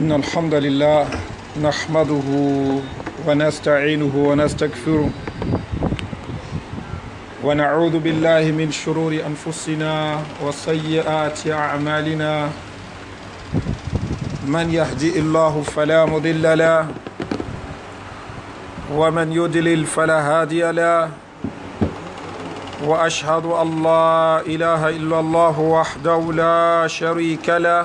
إن الحمد لله نحمده ونستعينه ونستغفره ونعوذ بالله من شرور أنفسنا وسيئات أعمالنا من يهدي الله فلا مضل له ومن يدلل فلا هادي له واشهد ان لا اله الا الله وحده لا شريك له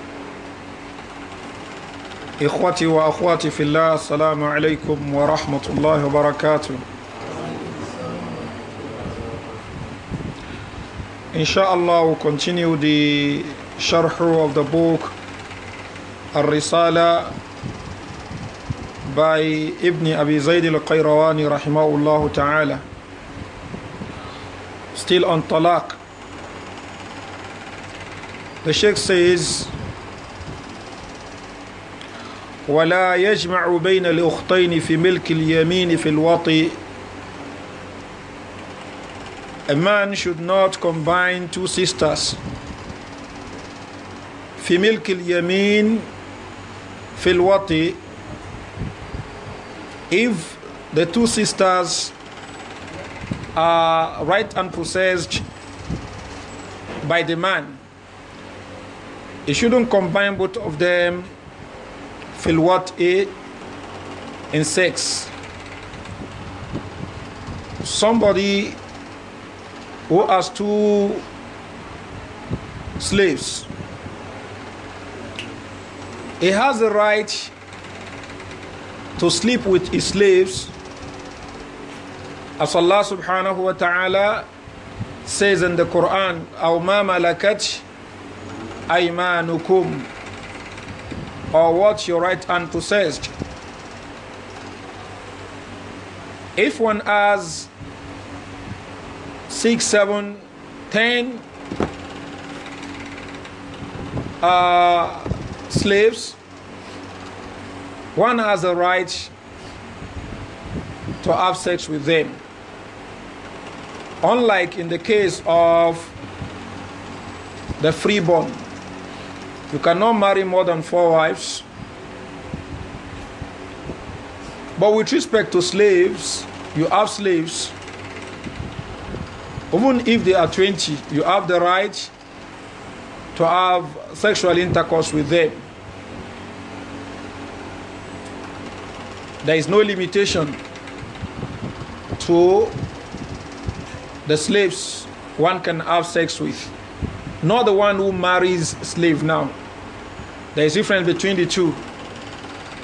إخوتي وأخواتي في الله السلام عليكم ورحمة الله وبركاته إن شاء الله we'll continue the شرح of the book الرسالة by ابن أبي زيد القيرواني رحمه الله تعالى still on طلاق the sheikh says ولا يجمع بين الأختين في ملك اليمين في الوطي A man should not combine two sisters في ملك اليمين في الوطي If the two sisters are right and possessed by the man. He shouldn't combine both of them في الوات A in sex. Somebody who has two slaves, he has the right to sleep with his slaves as Allah subhanahu wa ta'ala says in the Quran, "Aumam مَا مَلَكَتْ nukum." or what your right hand possessed. If one has six, seven, ten uh, slaves, one has a right to have sex with them. Unlike in the case of the freeborn you cannot marry more than four wives. But with respect to slaves, you have slaves. Even if they are 20, you have the right to have sexual intercourse with them. There is no limitation to the slaves one can have sex with, nor the one who marries slave now. There is difference between the two.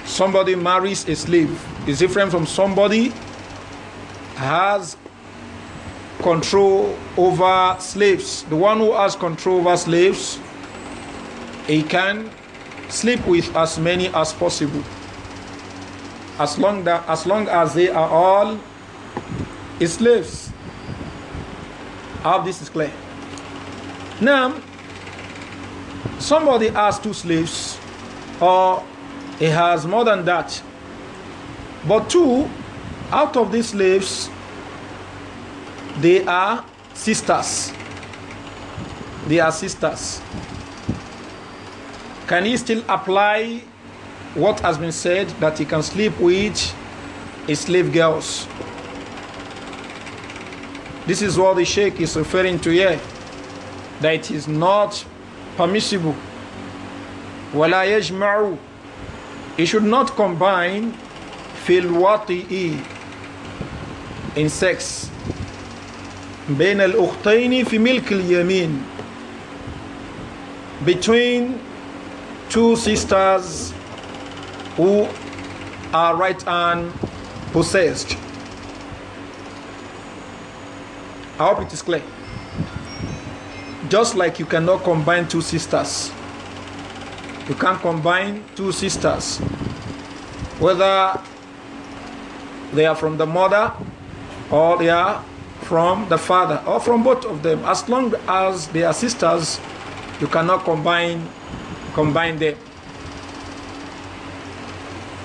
Somebody marries a slave is different from somebody has control over slaves. The one who has control over slaves, he can sleep with as many as possible. As long that as long as they are all slaves. All this is clear. Now somebody has two slaves or he has more than that but two out of these slaves they are sisters they are sisters can he still apply what has been said that he can sleep with his slave girls this is what the sheikh is referring to here that it is not permissible. وَلَا يَجْمَعُ He should not combine فِي الْوَطِئِ in sex. بين الأختين في ملك اليمين between two sisters who are right hand possessed. I hope it is clear just like you cannot combine two sisters. You can't combine two sisters, whether they are from the mother or they are from the father or from both of them. As long as they are sisters, you cannot combine combine them.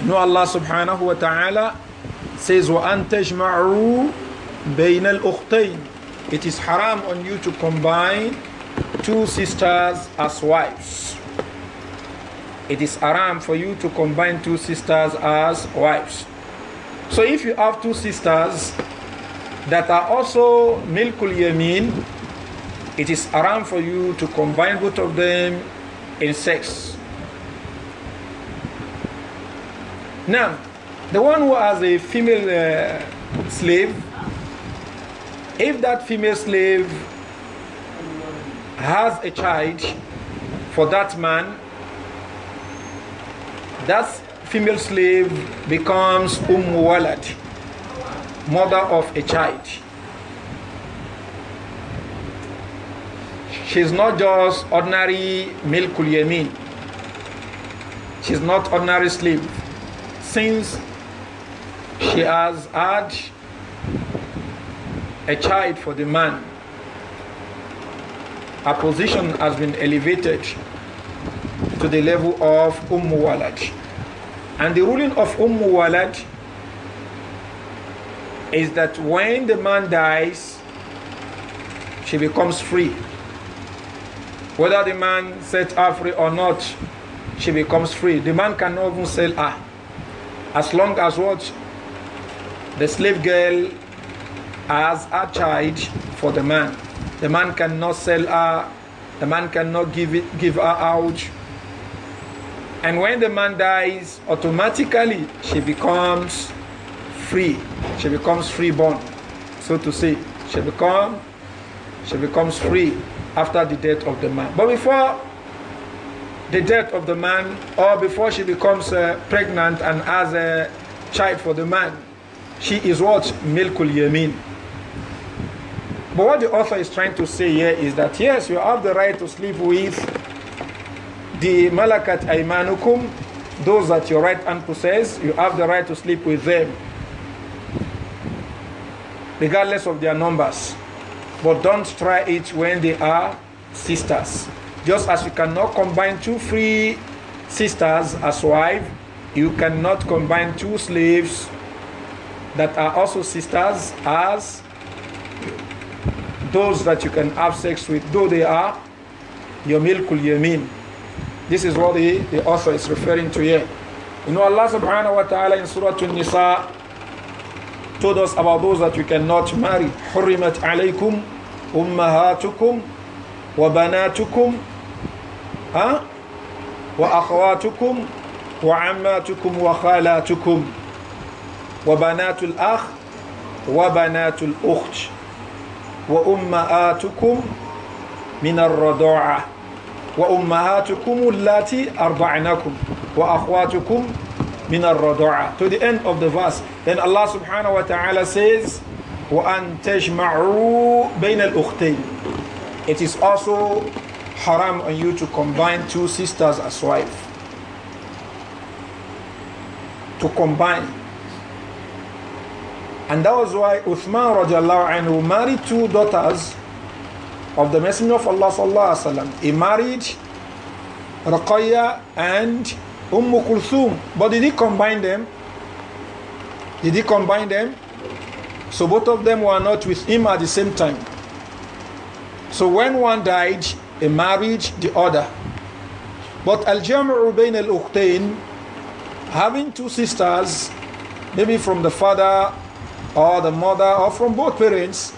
You know Allah subhanahu wa ta'ala says وَأَن It is haram on you to combine two sisters as wives. It is haram for you to combine two sisters as wives. So if you have two sisters that are also milkul yamin, it is haram for you to combine both of them in sex. Now, the one who has a female uh, slave, if that female slave has a child for that man, that female slave becomes Umm Walad, mother of a child. She's not just ordinary milkul yamin. She's not ordinary slave. Since she has had a child for the man, her position has been elevated to the level of Umm Walad. And the ruling of Umm Walad is that when the man dies, she becomes free. Whether the man set her free or not, she becomes free. The man cannot even sell her. As long as what? The slave girl has a child for the man. The man cannot sell her. The man cannot give it, give her out. And when the man dies, automatically she becomes free. She becomes freeborn, so to say. She become she becomes free after the death of the man. But before the death of the man, or before she becomes uh, pregnant and has a child for the man, she is what milkul yamin. But what the author is trying to say here is that yes, you have the right to sleep with the malakat aymanukum, those that your right hand possesses, you have the right to sleep with them, regardless of their numbers. But don't try it when they are sisters. Just as you cannot combine two free sisters as wife, you cannot combine two slaves that are also sisters as those that you can have sex with, though they are your milkul yameen. This is what the, the author is referring to here. You know, Allah subhanahu wa ta'ala in Surah Al nisa told us about those that you cannot marry. حُرِّمَتْ عَلَيْكُمْ wa وَبَنَاتُكُمْ ها وأخواتكم وعماتكم وخالاتكم وبنات الأخ وبنات الأخت وأمهاتكم من الرضاعة وأمهاتكم اللاتي أرضعنكم وأخواتكم من الرضاعة to the end of the verse then Allah subhanahu wa ta'ala says وأن تجمعوا بين الأختين it is also haram on you to combine two sisters as wife to combine and that was why Uthman radiallahu anhu married two daughters of the Messenger of Allah sallallahu alaihi wasallam. He married Raqayya and Umm Kulthum. But did he combine them? Did he combine them? So both of them were not with him at the same time. So when one died, he married the other. But Al-Jam'u Bain Al-Uqtain, having two sisters, maybe from the father or the mother or from both parents,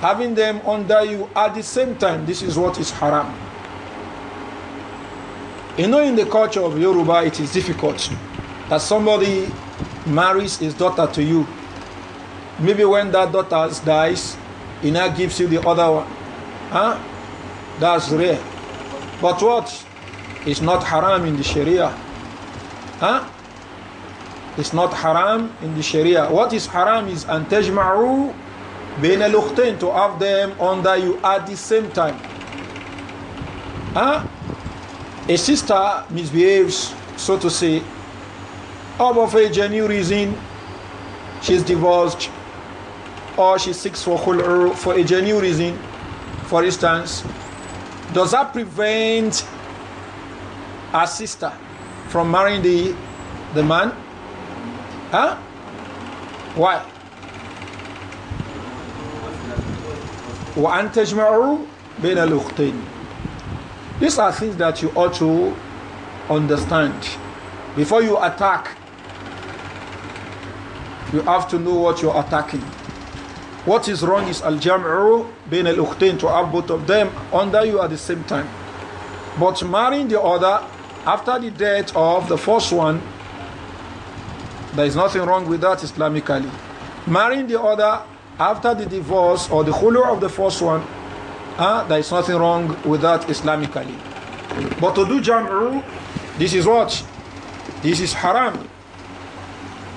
having them under you at the same time, this is what is haram. You know, in the culture of Yoruba, it is difficult that somebody marries his daughter to you. Maybe when that daughter dies, he now gives you the other one. Huh? That's rare. But what is not haram in the Sharia. Huh? It's not haram in the Sharia. What is haram is an tajma'u bayna lukhtain to have them under you at the same time. Huh? A sister misbehaves, so to say, out of a genuine reason. She's divorced or she seeks for khul'u for a genuine reason. For instance, does that prevent a sister from marrying the, the man? Huh? Why? These are things that you ought to understand. Before you attack, you have to know what you're attacking. What is wrong is al-jam'u bin al-ukhtain to have both of them under you at the same time. But marrying the other after the death of the first one there is nothing wrong with that Islamically. Marrying the other after the divorce or the khulu of the first one, uh, there is nothing wrong with that Islamically. But to do jam'u, this is what? This is haram.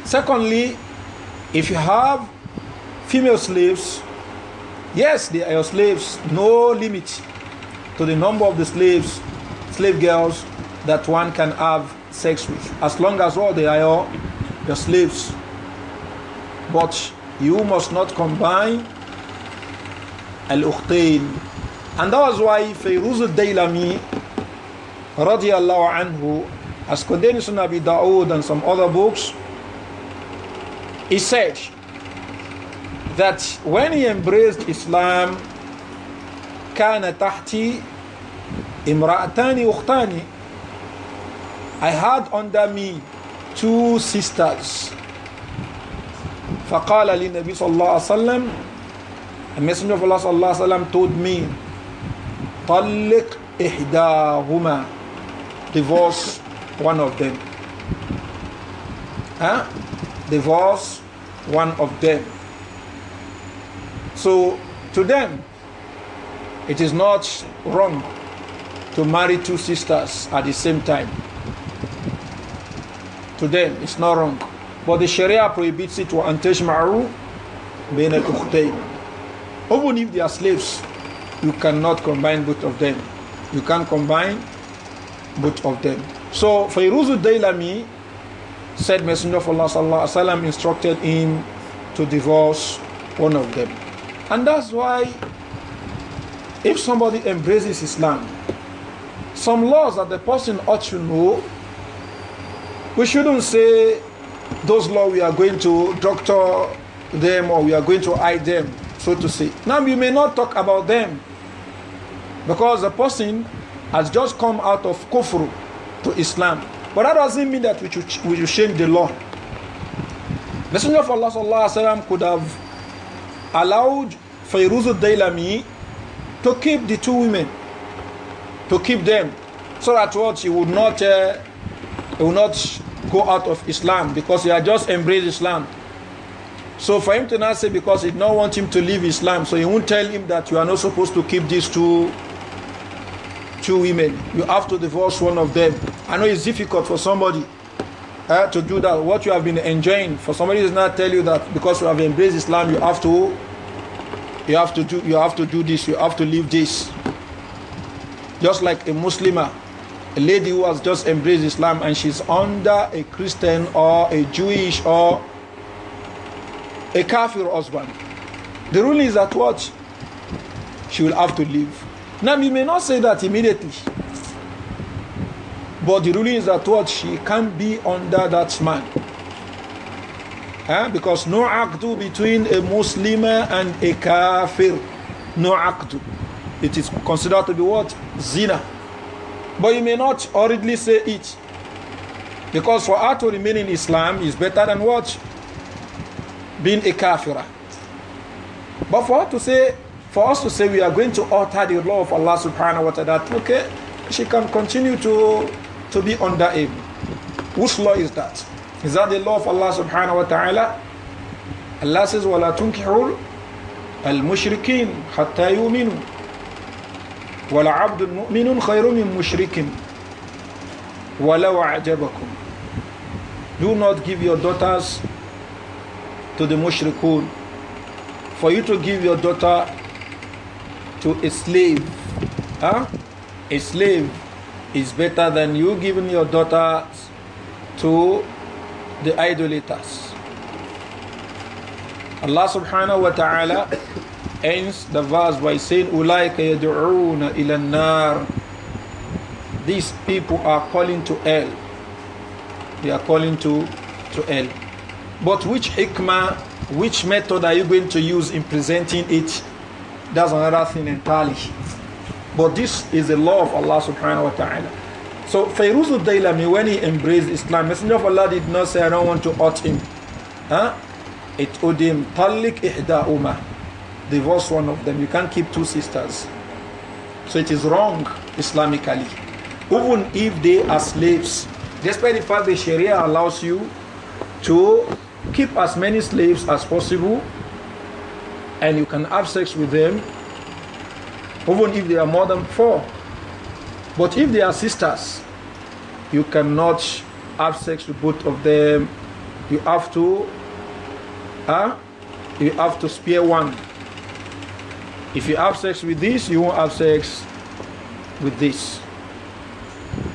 Secondly, if you have female slaves, yes, they are your slaves, no limit to the number of the slaves, slave girls that one can have sex with, as long as all well, they are your your slaves. But you must not combine al-ukhtayn. And that was why Fayruz al-Daylami radiallahu anhu as condemned Sunnah Abi Dawood and some other books, he said that when he embraced Islam, كان تحتي امرأتان أختان I had under me two sisters. فقال للنبي صلى الله عليه وسلم The Messenger of Allah صلى الله عليه وسلم told me طلق إحداهما divorce one of them huh? divorce one of them so to them it is not wrong to marry two sisters at the same time to them. It's not wrong. But the Sharia prohibits it to antejma'ru bina Even if they are slaves, you cannot combine both of them. You can't combine both of them. So Fayruzu Dailami said Messenger of Allah sallallahu instructed him to divorce one of them. And that's why if somebody embraces Islam, some laws that the person ought to know we shouldn't say those law we are going to doctor them or we are going to hide them, so to say. Now we may not talk about them because the person has just come out of kufru to Islam. But that doesn't mean that we should, we should shame the law. Messenger of Allah وسلم, could have allowed Fayruzul Dailami to keep the two women, to keep them, so that what he would not uh, he will not go out of Islam because he are just embraced Islam. So for him to not say because he did not want him to leave Islam, so he won't tell him that you are not supposed to keep these two two women. You have to divorce one of them. I know it's difficult for somebody uh, to do that. What you have been enjoying for somebody does not tell you that because you have embraced Islam, you have to you have to do you have to do this. You have to leave this. Just like a Muslimah a lady who has just embraced Islam and she's under a Christian or a Jewish or a Kafir husband. The rule is that what? She will have to leave. Now, you may not say that immediately, but the rule is that what? She can't be under that man. Eh? Because no akdu between a Muslim and a Kafir. No akdu. It is considered to be what? Zina. But you may not hurriedly say it. Because for her to remain in Islam is better than what? Being a kafirah. But for her to say, for us to say we are going to alter the law of Allah subhanahu wa ta'ala, okay, she can continue to, to be under him. Which law is that? Is that the law of Allah subhanahu wa ta'ala? Allah says, وَلَا al الْمُشْرِكِينَ hatta yuminu." ولعبد مؤمن خير من مشرك ولو أعجبكم Do not give your daughters to the mushrikun for you to give your daughter to a slave. Huh? A slave is better than you giving your daughters to the idolaters. Allah subhanahu wa ta'ala ends the verse by saying, Ulaika yad'una ila nar. These people are calling to hell. They are calling to, to hell. But which hikmah, which method are you going to use in presenting it? That's another thing entirely. But this is the law of Allah subhanahu wa ta'ala. So Fayruz al-Dailami, when he embraced Islam, Messenger of Allah did not say, I don't want to hurt him. Huh? It owed him, Talik ihda umah divorce one of them. You can't keep two sisters. So it is wrong Islamically. Even if they are slaves, despite the fact the Sharia allows you to keep as many slaves as possible and you can have sex with them, even if they are more than four. But if they are sisters, you cannot have sex with both of them. You have to, huh? You have to spare one. If you have sex with this, you won't have sex with this.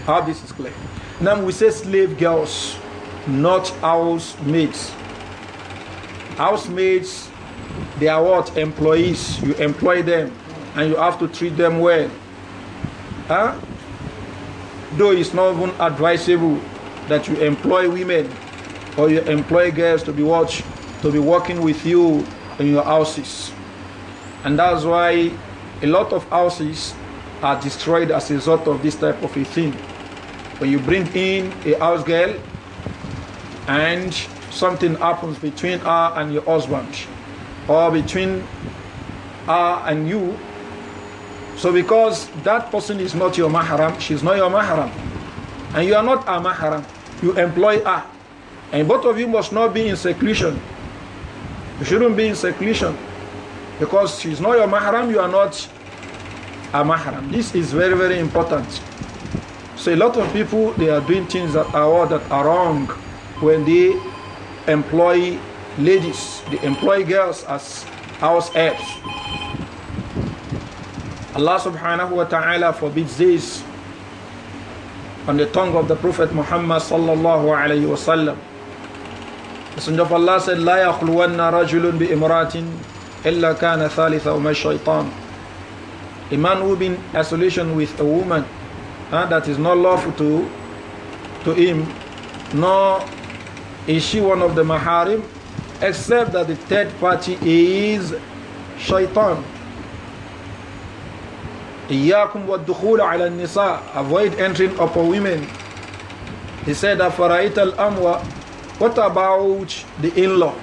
How this is clear. Now we say slave girls, not housemaids. Housemaids, they are what? Employees. You employ them and you have to treat them well. Huh? Though it's not even advisable that you employ women or you employ girls to be watch to be working with you in your houses. And that's why a lot of houses are destroyed as a result of this type of a thing. When you bring in a house girl and something happens between her and your husband or between her and you, so because that person is not your mahram, she's not your mahram, and you are not a mahram, you employ her. And both of you must not be in seclusion. You shouldn't be in seclusion. Because she's not your mahram, you are not a mahram. This is very, very important. So a lot of people, they are doing things that are, that are wrong when they employ ladies, they employ girls as house helps. Allah subhanahu wa ta'ala forbids this on the tongue of the Prophet Muhammad sallallahu alayhi wa sallam. Messenger of Allah said, لا يخلون رجل بإمرأة إلا كان ثالثهما shaitan. a man who be in isolation with a woman uh, that is not lawful to to him nor is she one of the maharim except that the third party is shaitan wa والدخول al nisa. avoid entering upon women he said al amwa. what about the in-law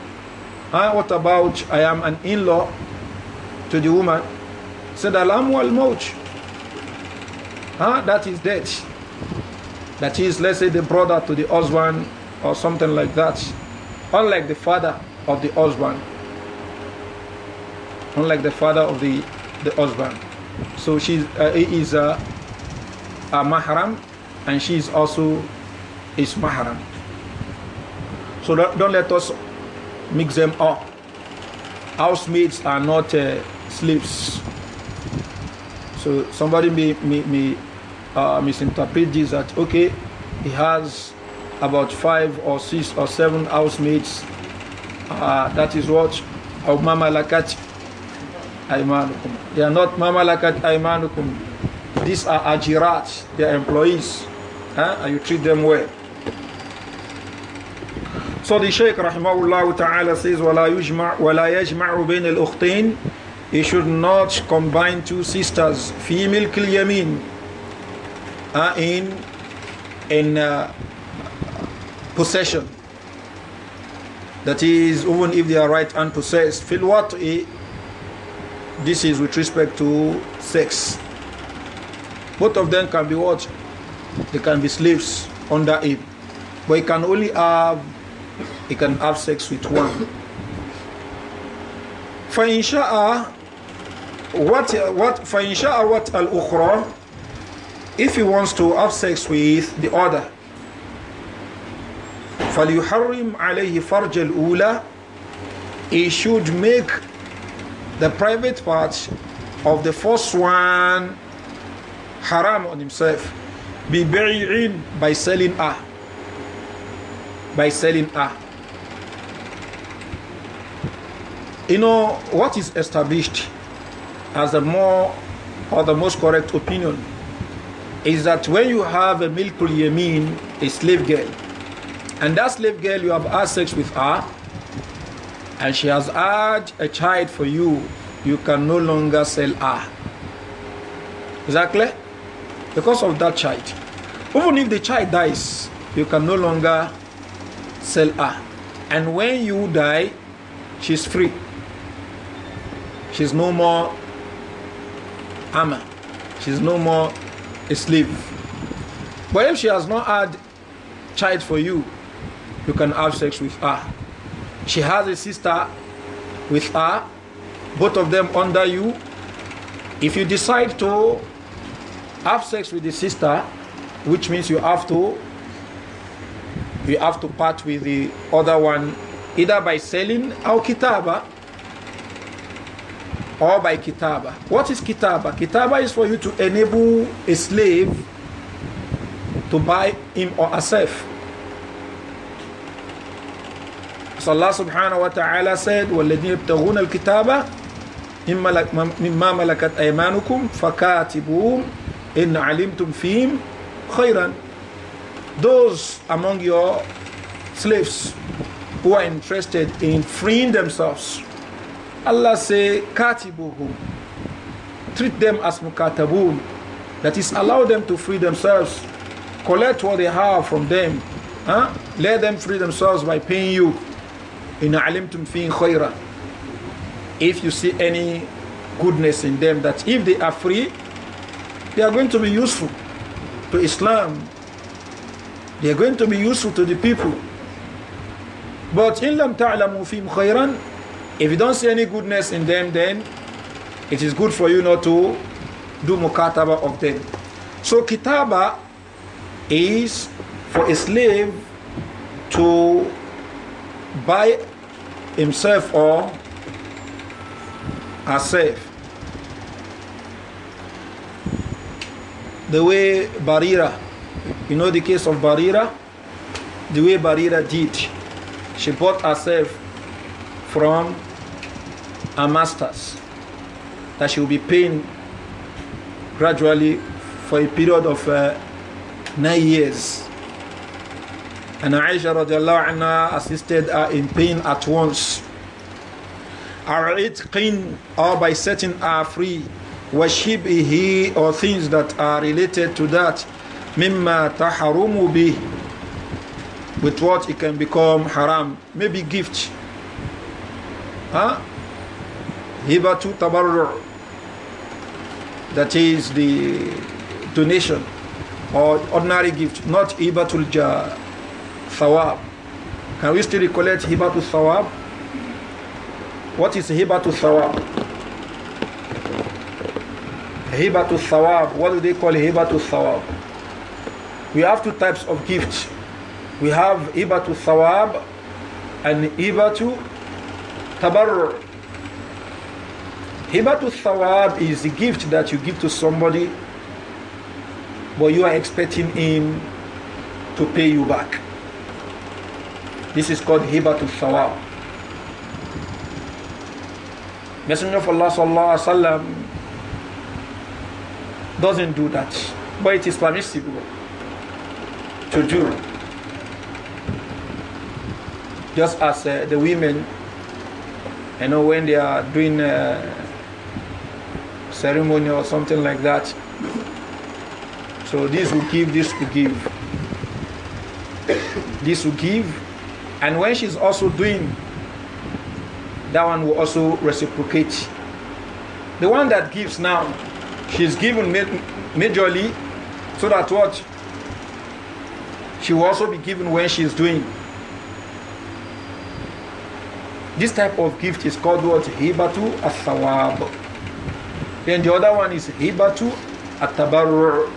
Ah, what about I am an in-law to the woman? Said Alamu al Mouch. Ah, that is death. That is, let's say, the brother to the husband or something like that. Unlike the father of the husband. Unlike the father of the, the husband. So she uh, is a, a mahram and she is also his mahram. So don't let us mix them up. Housemates are not uh, slaves. So somebody may, may, may uh, misinterpret this that, okay, he has about five or six or seven housemates. Uh, that is what of mamalakat aimanukum. They are not mama mamalakat aimanukum. These are Ajirats, they are employees. Huh? And you treat them well. So the Shaykh rahimahullah ta'ala says, وَلَا يَجْمَعُ بَيْنَ الْأُخْتَيْنِ He should not combine two sisters, female kilyamin, uh, in, in uh, possession. That is, even if they are right and possessed. Feel what? This is with respect to sex. Both of them can be what? They can be slaves under it. But it can only have he can have sex with one. فإن شاء what what فإن شاء what الأخرى if he wants to have sex with the other فليحرم عليه فرج الأولى he should make the private part of the first one haram on himself ببيع by selling a by selling a You know, what is established as the more or the most correct opinion is that when you have a milkul yamin, a slave girl, and that slave girl you have had sex with her, and she has had a child for you, you can no longer sell her. Exactly? Because of that child. Even if the child dies, you can no longer sell her. And when you die, she's free she's no more armor. she's no more a slave but if she has not had child for you you can have sex with her she has a sister with her both of them under you if you decide to have sex with the sister which means you have to you have to part with the other one either by selling or or by kitaba. What is kitaba? Kitaba is for you to enable a slave to buy him or herself. So Allah subhanahu wa ta'ala said, وَالَّذِينَ يَبْتَغُونَ الْكِتَابَ مِمَّا مَلَكَتْ أَيْمَانُكُمْ فَكَاتِبُوهُمْ إِنْ عَلِمْتُمْ فِيهِمْ خَيْرًا Those among your slaves who are interested in freeing themselves Allah say, Katibuhum. Treat them as mukatabun. That is, allow them to free themselves. Collect what they have from them. Huh? Let them free themselves by paying you. In alimtum fi khayra. If you see any goodness in them, that if they are free, they are going to be useful to Islam. They are going to be useful to the people. But in lam ta'lamu fi khayran, if you don't see any goodness in them, then it is good for you not to do mukataba of them. So kitaba is for a slave to buy himself or herself. The way Barira, you know the case of Barira? The way Barira did. She bought herself from her masters that she will be paying gradually for a period of uh, nine years. And Aisha radiallahu anha assisted her in paying at once. Are it clean or by setting her free worship he or things that are related to that mimma taharumu bi with what it can become haram maybe gift Huh? Hibatu tabarru. That is the donation or ordinary gift, not hibatul jah, thawab. Can we still recollect hibatul thawab? What is hibatul thawab? Hibatul thawab. What do they call hibatul thawab? We have two types of gifts. We have hibatul thawab and hibatu tabarru. Hibatu thawab is the gift that you give to somebody, but you are expecting him to pay you back. This is called hibatu thawab. Messenger of Allah sallallahu alaihi wasallam doesn't do that, but it is permissible to do. Just as uh, the women you know when they are doing ceremony or something like that so this will give this will give this will give and when she's also doing that one will also reciprocate the one that gives now she's given majorly so that what she will also be given when she's doing this type of gift is called what? Hibatu as thawab Then the other one is Hibatu at tabarru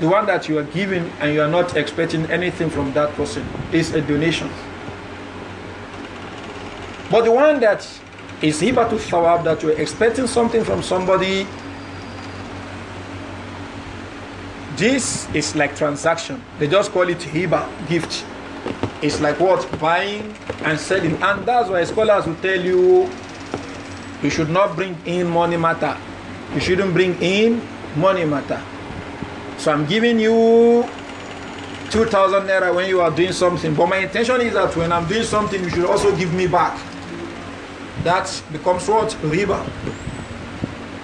The one that you are giving and you are not expecting anything from that person is a donation. But the one that is Hibatu al-thawab that you are expecting something from somebody, this is like transaction. They just call it Hiba, gift. It's like what? Buying and selling. And that's why scholars will tell you you should not bring in money matter. You shouldn't bring in money matter. So I'm giving you 2000 naira when you are doing something. But my intention is that when I'm doing something, you should also give me back. That becomes what? Riba.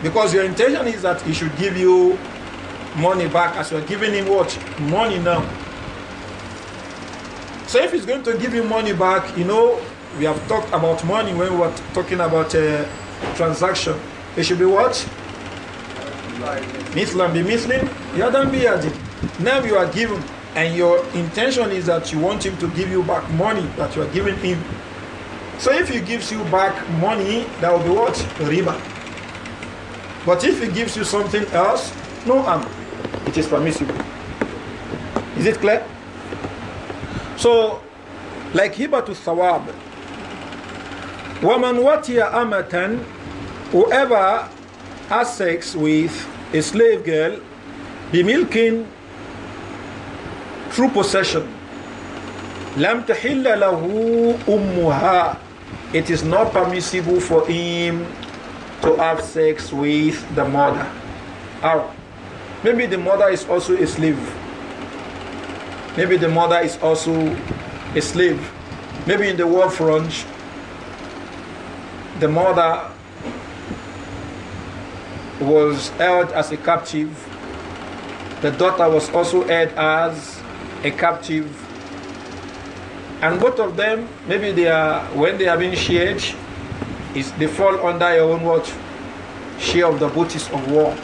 Because your intention is that he should give you money back as you are giving him what? Money now. So if he's going to give you money back, you know, we have talked about money when we were talking about a uh, transaction. It should be what? Mithlan be mislim, yadam be Yadin. Now you are given, and your intention is that you want him to give you back money that you are giving him. So if he gives you back money, that will be what? Riba. But if he gives you something else, no harm. It is permissible. Is it clear? So, like hibatu sawab, woman watia amatin, Whoever has sex with a slave girl, be milking True possession. Lam تَحِلَّ لَهُ It is not permissible for him to have sex with the mother. Or maybe the mother is also a slave. Maybe the mother is also a slave. Maybe in the war front, the mother was held as a captive. The daughter was also held as a captive. And both of them, maybe they are when they are being shared, is they fall under your own watch. Share of the booty of war.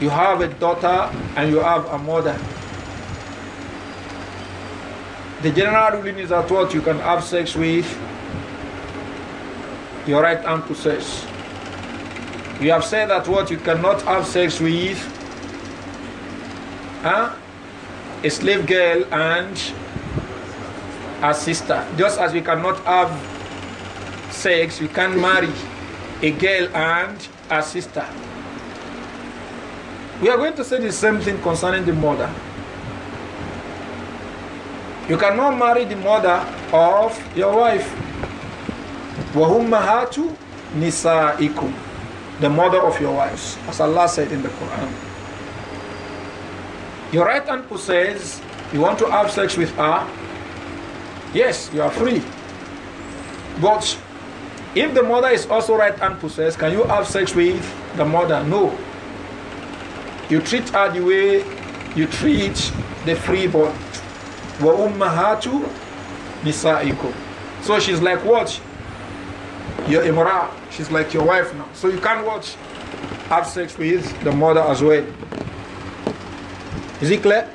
You have a daughter and you have a mother the general ruling is that what you can have sex with your right arm to You have said that what you cannot have sex with huh? a slave girl and a sister. Just as you cannot have sex, you can marry a girl and a sister. We are going to say the same thing concerning the mother. You cannot marry the mother of your wife. وَهُمَّهَاتُ nisa'ikum. The mother of your wives. As Allah said in the Quran. Your right hand possesses, you want to have sex with her, yes, you are free. But if the mother is also right hand possessed, can you have sex with the mother? No. You treat her the way you treat the freeborn. Wa ummahatu nisaikum. So she's like what? Your imra. She's like your wife now. So you can't watch have sex with the mother as well. Is it clear?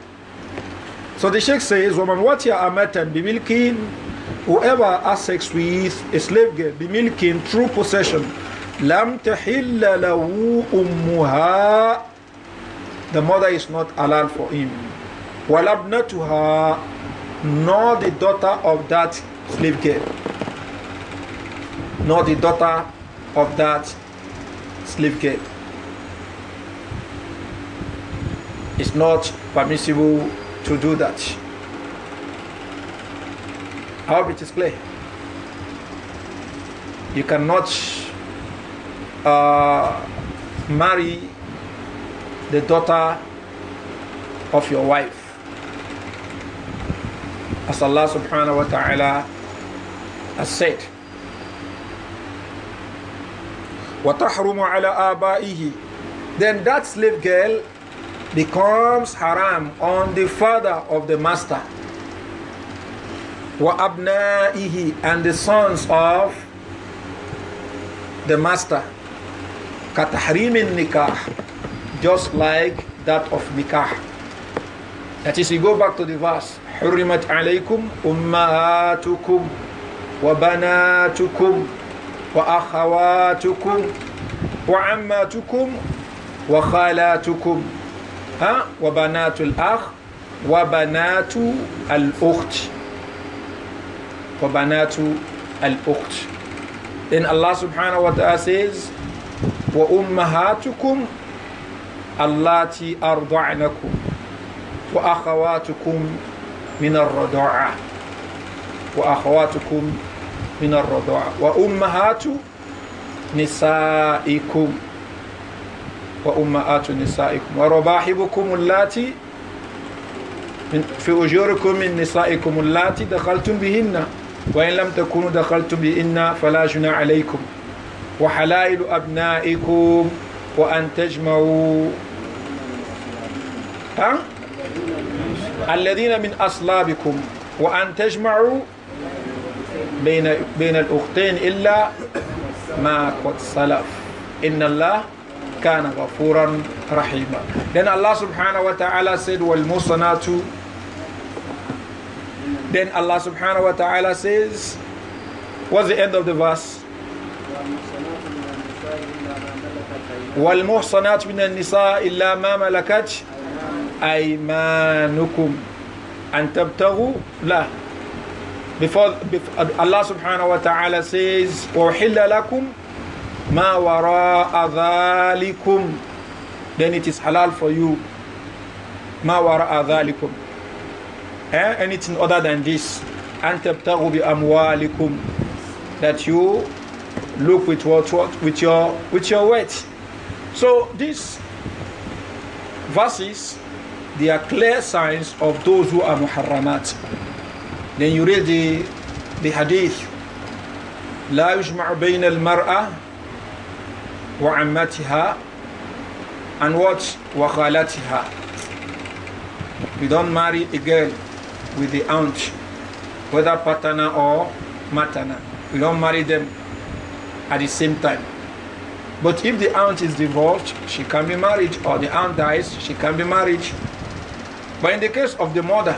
So the Sheikh says, Woman what ya amatan be milking whoever has sex with a slave girl, be milking true possession. Lam tahilla lahu ummuha. The mother is not allowed for him to her, Nor the daughter of that slave girl. Nor the daughter of that slave girl. It's not permissible to do that. I hope it is clear. You cannot uh, marry the daughter of your wife. As Allah subhanahu wa ta'ala has said. Then that slave girl becomes haram on the father of the master. وَأَبْنَائِهِ And the sons of the master. كَتَحْرِيمِ النِّكَاحِ Just like that of nikah. That is, we go back to the verse. حرمت عليكم أمهاتكم وبناتكم وأخواتكم وعماتكم وخالاتكم ها وبنات الأخ وبنات الأخت وبنات الأخت Then Allah subhanahu wa ta'ala says وأمهاتكم اللاتي أرضعنكم وأخواتكم من الرضاعة وأخواتكم من الرضاعة وأمهات نسائكم وأمهات نسائكم ورباحبكم اللاتي في أجوركم من نسائكم اللاتي دخلتم بهن وإن لم تكونوا دخلتم بهن فلا جناح عليكم وحلائل أبنائكم وأن تجمعوا ها؟ الذين من أصلابكم وأن تجمعوا بين بين الأختين إلا ما قد سلف إن الله كان غفورا رحيما then Allah subhanahu wa ta'ala said والمصنات then Allah subhanahu wa ta'ala says what's the end of the verse والمحصنات من النساء إلا ما ملكت أيمانكم أن تبتغوا لا before, before Allah subhanahu wa ta'ala says وَحِلَّ لَكُمْ مَا وَرَاءَ ذَلِكُمْ then it is halal for you مَا وَرَاءَ ذَلِكُمْ eh? anything other than this أَن تَبْتَغُوا بِأَمْوَالِكُمْ that you look with what, what with your with your weight so these verses they are clear signs of those who are muharramat. Then you read the, the hadith. لا يجمع بين المرأة وعمتها and what وخالتها. We don't marry a girl with the aunt, whether patana or matana. We don't marry them at the same time. But if the aunt is divorced, she can be married, or the aunt dies, she can be married. But in the case of the mother,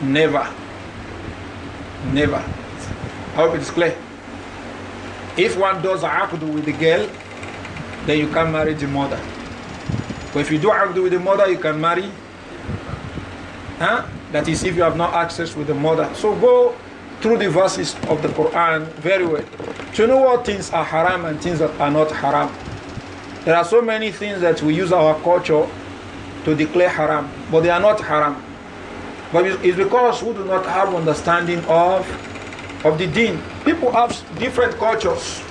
never. Never. I hope it's clear. If one does aqd with the girl, then you can marry the mother. But if you do aqd with the mother, you can marry. Huh? That is if you have no access with the mother. So go through the verses of the Quran very well. To know what things are haram and things that are not haram. There are so many things that we use our culture to declare haram, but they are not haram. But it's because we do not have understanding of, of the deen. People have different cultures.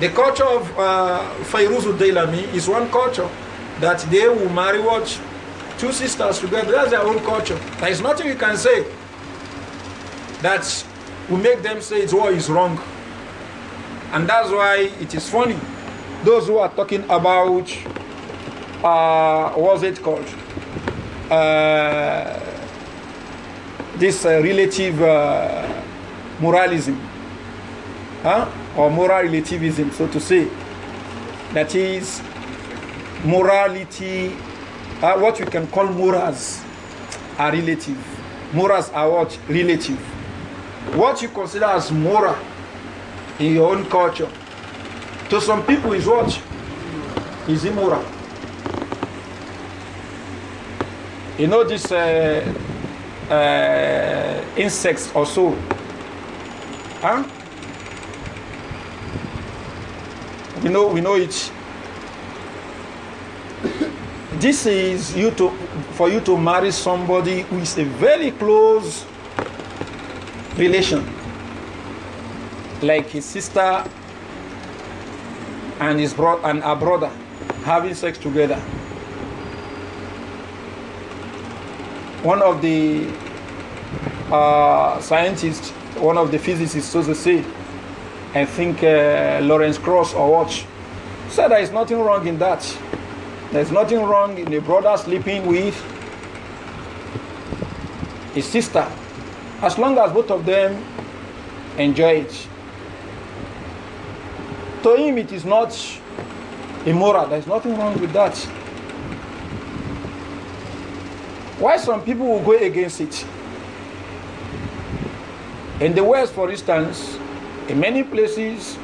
The culture of uh, Fayruzu Deilami is one culture that they will marry what? Two sisters together. That's their own culture. There is nothing you can say that will make them say it's what is wrong. And that's why it is funny. Those who are talking about uh, was it called? Uh, this uh, relative uh, moralism huh? or moral relativism, so to say. That is morality, uh, what we can call morals are relative. Morals are what? Relative. What you consider as moral in your own culture, to some people is what? Is immoral. You know these uh, uh, insects also, huh? We know we know it. this is you to for you to marry somebody who is a very close relation, like his sister and his bro- and a brother having sex together. one of the uh, scientists, one of the physicists, so to say, I think uh, Lawrence Cross or what, said there is nothing wrong in that. There's nothing wrong in a brother sleeping with his sister, as long as both of them enjoy it. To him, it is not immoral. There's nothing wrong with that. Why some people will go against it? In the West, for instance, in many places,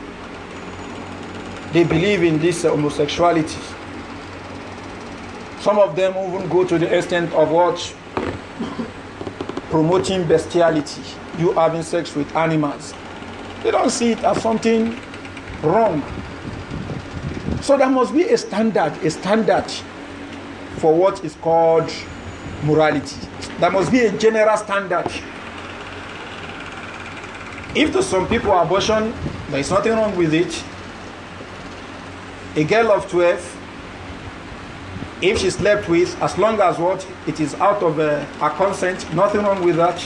they believe in this uh, homosexuality. Some of them even go to the extent of what? Promoting bestiality, you having sex with animals. They don't see it as something wrong. So there must be a standard, a standard for what is called morality. There must be a general standard. If to some people abortion, there is nothing wrong with it. A girl of 12, if she slept with, as long as what it is out of uh, her consent, nothing wrong with that.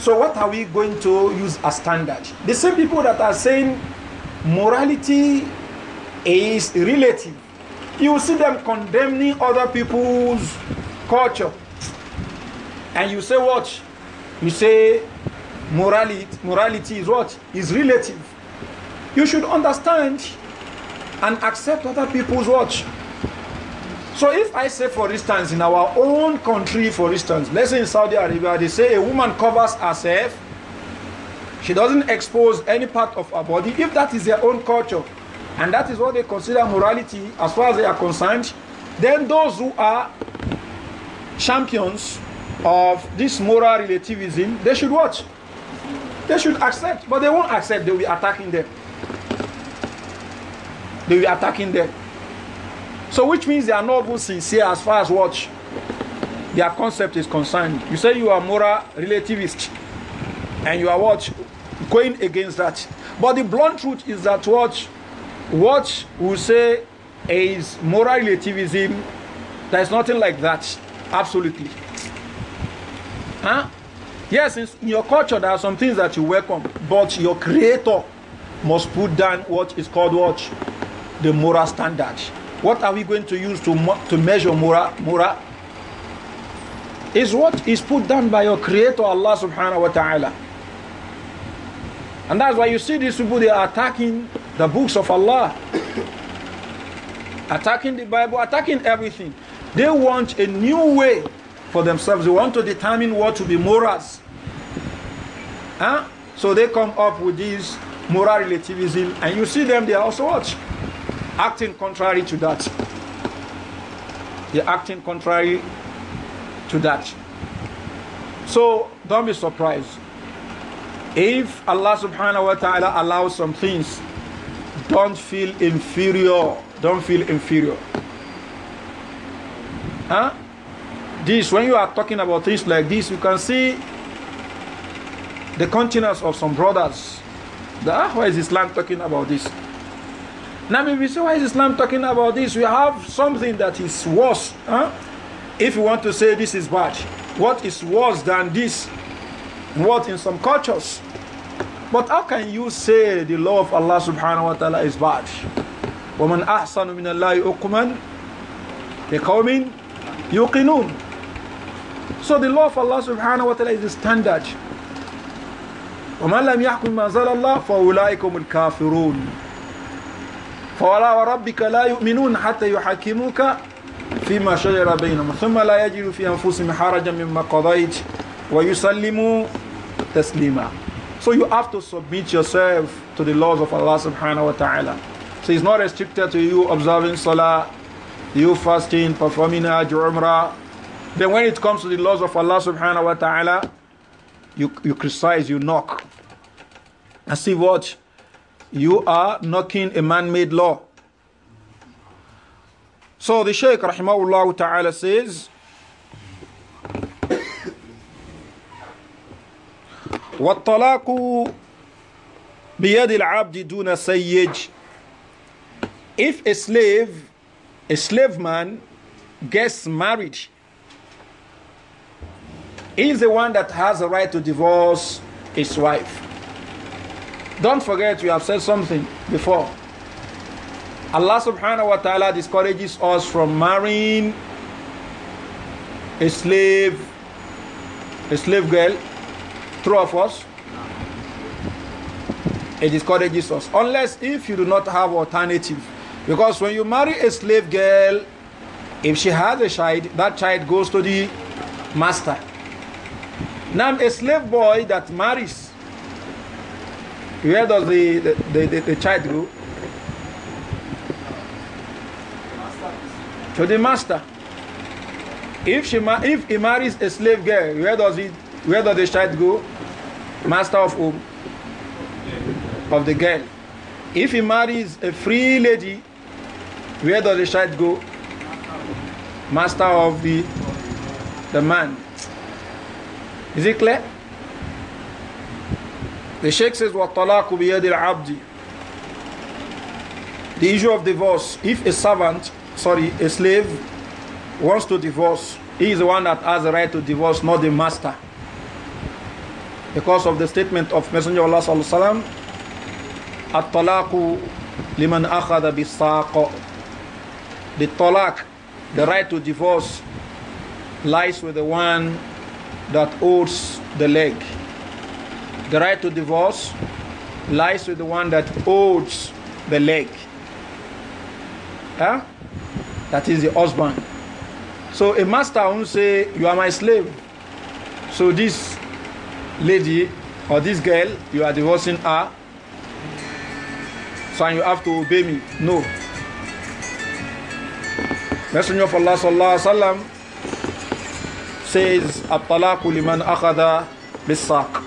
So what are we going to use as standard? The same people that are saying morality is relative you will see them condemning other people's culture. And you say what? You say morality, morality is what? Is relative. You should understand and accept other people's watch. So if I say, for instance, in our own country, for instance, let's say in Saudi Arabia, they say a woman covers herself, she doesn't expose any part of her body. If that is their own culture, and that is what they consider morality as far as they are concerned, then those who are champions of this moral relativism, they should watch. They should accept, but they won't accept. They will be attacking them. They will be attacking them. So, which means they are not even sincere as far as what their concept is concerned. You say you are moral relativist, and you are what going against that. But the blunt truth is that what what we say is moral relativism, there's nothing like that, absolutely. Huh? Yes, in your culture there are some things that you welcome, but your creator must put down what is called what? The moral standard. What are we going to use to, to measure moral? moral? Is what is put down by your creator, Allah subhanahu wa ta'ala. And that's why you see these people, they are attacking the books of Allah, attacking the Bible, attacking everything. They want a new way for themselves. They want to determine what to be morals. Huh? So they come up with this moral relativism, and you see them, they are also what? Acting contrary to that. They're acting contrary to that. So don't be surprised. If Allah subhanahu wa ta'ala allows some things don't feel inferior. Don't feel inferior. Huh? This, when you are talking about things like this, you can see the continence of some brothers. That, ah, why is Islam talking about this? Now, maybe you say, why is Islam talking about this? We have something that is worse. Huh? If you want to say this is bad, what is worse than this? What in some cultures? But how can you say the law of Allah subhanahu wa ta'ala is bad? وَمَنْ أَحْسَنُ مِنَ اللَّهِ أُقْمَنْ لِقَوْمٍ يُقِنُونَ So the law of Allah subhanahu wa ta'ala is the standard. وَمَنْ لَمْ يَحْكُمْ مَا زَلَ اللَّهِ فَأُولَٰئِكُمُ الْكَافِرُونَ فَوَلَا وَرَبِّكَ لَا يُؤْمِنُونَ حَتَّى يُحَكِّمُكَ فِي مَا شجر بينهم ثم لا يجدوا في أنفسهم حرجا مما قضيت ويسلموا تسليما So you have to submit yourself to the laws of Allah subhanahu wa ta'ala. So it's not restricted to you observing salah, you fasting, performing hajj, umrah. Then when it comes to the laws of Allah subhanahu wa ta'ala, you, you criticize, you knock. And see what? You are knocking a man-made law. So the Shaykh rahimahullah ta'ala says, وَالطَّلَاقُ بِيَدِ الْعَبْدِ دُونَ سَيِّجِ If a slave, a slave man, gets married, he is the one that has the right to divorce his wife. Don't forget, we have said something before. Allah subhanahu wa ta'ala discourages us from marrying a slave, a slave girl, True of us? It discourages us. Unless if you do not have alternative. Because when you marry a slave girl, if she has a child, that child goes to the master. Now a slave boy that marries, where does the, the, the, the, the child go? To the master. If she if he marries a slave girl, where does it where does the child go? Master of whom? Of the girl. If he marries a free lady, where does the child go? Master of the the man. Is it clear? The Sheikh says, وَالطَّلَاقُ The issue of divorce. If a servant, sorry, a slave wants to divorce, he is the one that has the right to divorce, not the master because of the statement of Messenger of Allah At-talaqu liman akhada bisaq. The talaq, the right to divorce, lies with the one that holds the leg. The right to divorce lies with the one that holds the leg. Huh? That is the husband. So a master won't say, You are my slave. So this lady or this girl you are divorcing her so you have to obey me no messenger of allah sallallahu alaihi wasallam says at-talaqu liman akhadha saq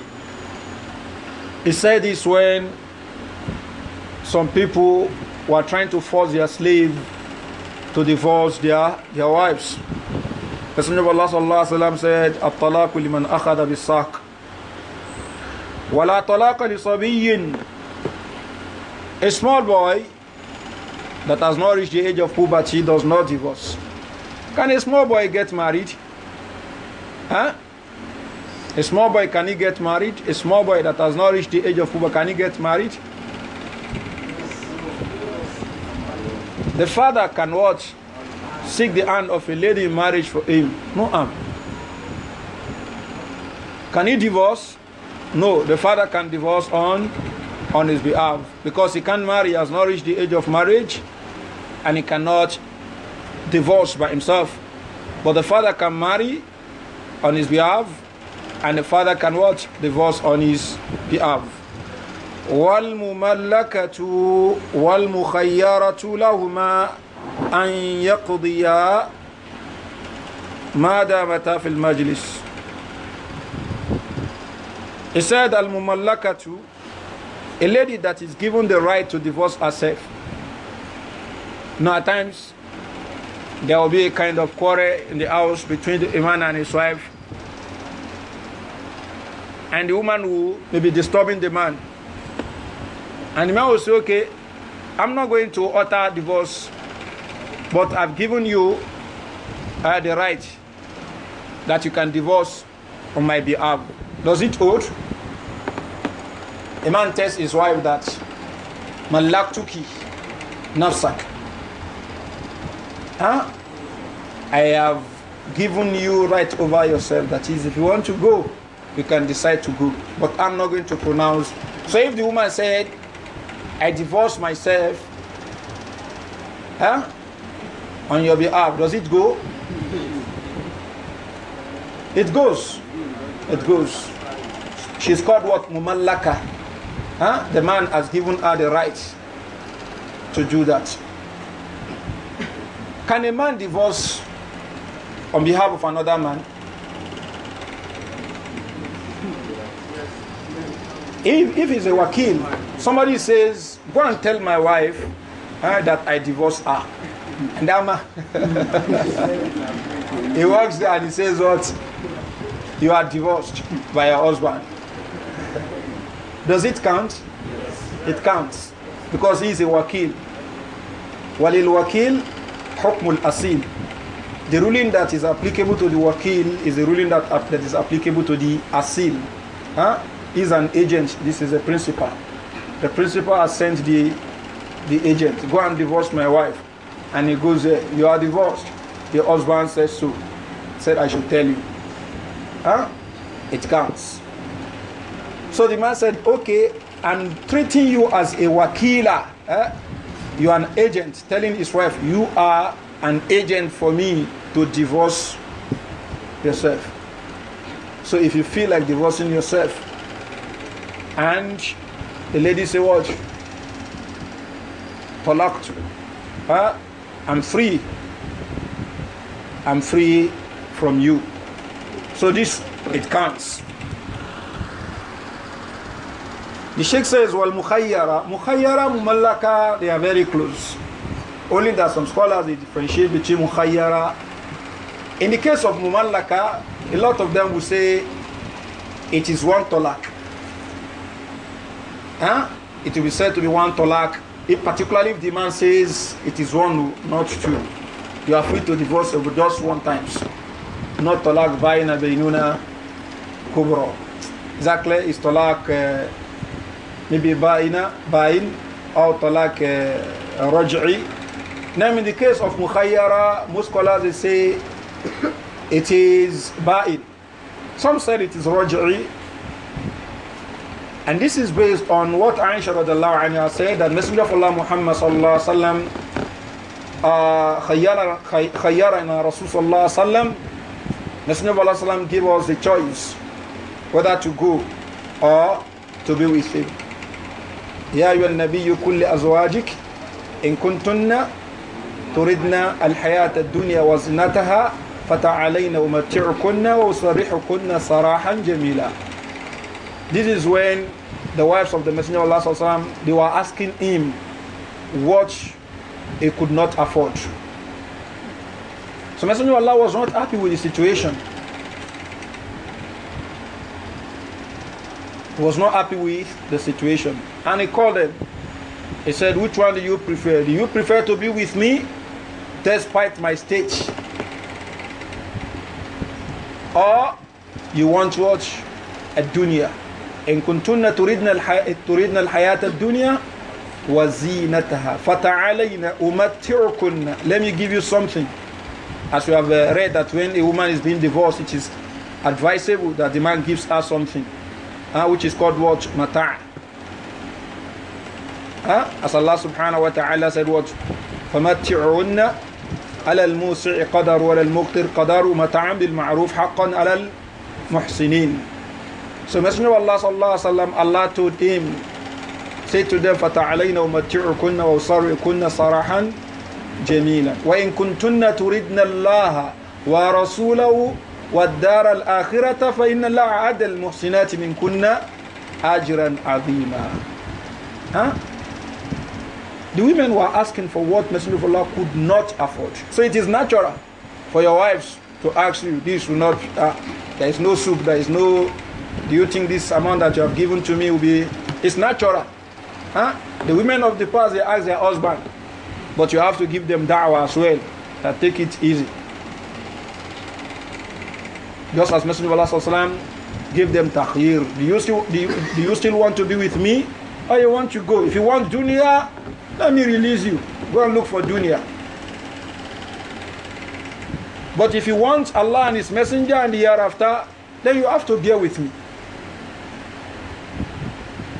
he said this when some people were trying to force their slave to divorce their their wives messenger of allah sallallahu alaihi wasallam said at-talaqu liman akhadha saq وَلَا طَلَاقَ لِصَبِيٍّ A small boy that has not reached the age of puberty does not divorce. Can a small boy get married? Huh? A small boy, can he get married? A small boy that has not reached the age of puberty, can he get married? The father can watch, seek the hand of a lady in marriage for him. No harm. Can he divorce? No, the father can divorce on on his behalf because he can't marry, he has not reached the age of marriage, and he cannot divorce by himself. But the father can marry on his behalf, and the father can watch Divorce on his behalf. والمملكة والمخيرة لهما أن يقضيا ما دامتا في المجلس He said, Al Mumallakatu, a lady that is given the right to divorce herself. Now, at times, there will be a kind of quarrel in the house between the man and his wife. And the woman will may be disturbing the man. And the man will say, Okay, I'm not going to utter divorce, but I've given you uh, the right that you can divorce on my behalf. Does it hold? A man tells his wife that Malaktuki Nafsak. Huh? I have given you right over yourself. That is, if you want to go, you can decide to go. But I'm not going to pronounce. So if the woman said, I divorce myself, huh? On your behalf, does it go? It goes it goes. She's called what? Mumallaka. Huh? The man has given her the right to do that. Can a man divorce on behalf of another man? If, if he's a wakil, somebody says, Go and tell my wife uh, that I divorce her. And I'm a he walks there and he says, What? You are divorced by your husband. Does it count? Yes. It counts. Because he is a wakil. Walil wakil, hukmul asil. The ruling that is applicable to the wakil is the ruling that, that is applicable to the asil. Huh? Is an agent. This is a principal. The principal has sent the, the agent, go and divorce my wife. And he goes, eh, You are divorced. The husband says so. Said, I should tell you huh? it counts. So the man said, okay, I'm treating you as a wakila. Eh? You are an agent, telling his wife, you are an agent for me to divorce yourself. So if you feel like divorcing yourself, and the lady say what? Talaktu. Huh? I'm free. I'm free from you. So this, it counts. The Sheikh says, Well, Mukhayyara. Mukhayyara, Mumallaka, they are very close. Only that some scholars they differentiate between Mukhayyara. In the case of Mumallaka, a lot of them will say it is one talak. Huh? It will be said to be one talak. If particularly if the man says it is one, not two, you are free to divorce over just one times. not talak baina bainuna kubra. Exactly, is talak mi bi vajna, vajn, au tolak uh, raj'i. Now in the case of mukhayyara, muskola scholars they say it is vajn. Some said it is rođi. And this is based on what Aisha radiallahu anha said that Messenger of Allah Muhammad sallallahu alaihi wasallam خيرنا رسول الله صلى الله عليه وسلم Messenger of Allah gave us the choice whether to go or to be with him. يا أيها النبي كل أزواجك إن كنتن تردن الحياة الدنيا وزنتها فتعالين أمتعكن وأسرحكن سراحا جميلا This is when the wives of the Messenger of Allah they were asking him what he could not afford. So Messenger of Allah was not happy with the situation. He was not happy with the situation. And he called them. He said, Which one do you prefer? Do you prefer to be with me despite my stage, Or you want to watch a dunya? إن كنتن تريدن الحياة تريدن الحياة الدنيا وزينتها فتعالينا أمتعكن Let me give you something as we have uh, read that when a woman is being divorced, it is advisable that the man gives her something, uh, which is called what? Mata'. Uh, as Allah subhanahu wa ta'ala said what? فَمَتِّعُهُنَّ عَلَى الْمُوسِعِ قَدَرُ وَلَى الْمُقْتِرِ قَدَرُ مَتَعًا بِالْمَعْرُوفِ حَقًّا عَلَى الْمُحْسِنِينَ So Messenger of Allah sallallahu alayhi wa sallam, Allah told him, say to them, فَتَعَلَيْنَا wa وَوْصَرِكُنَّ sarahan. جميلا وإن كنتن تردن الله ورسوله والدار الآخرة فإن الله عاد المحسنات منكن أجرا عظيما huh? The women were asking for what Messenger of Allah could not afford. So it is natural for your wives to ask you, this will not, uh, there is no soup, there is no, do you think this amount that you have given to me will be, it's natural. Huh? The women of the past, they ask their husband, But you have to give them da'wah as well. That take it easy. Just as Messenger of Allah give them takhir. Do you, still, do, you, do you still want to be with me? Or you want to go? If you want dunya, let me release you. Go and look for dunya. But if you want Allah and His Messenger and the hereafter, then you have to bear with me.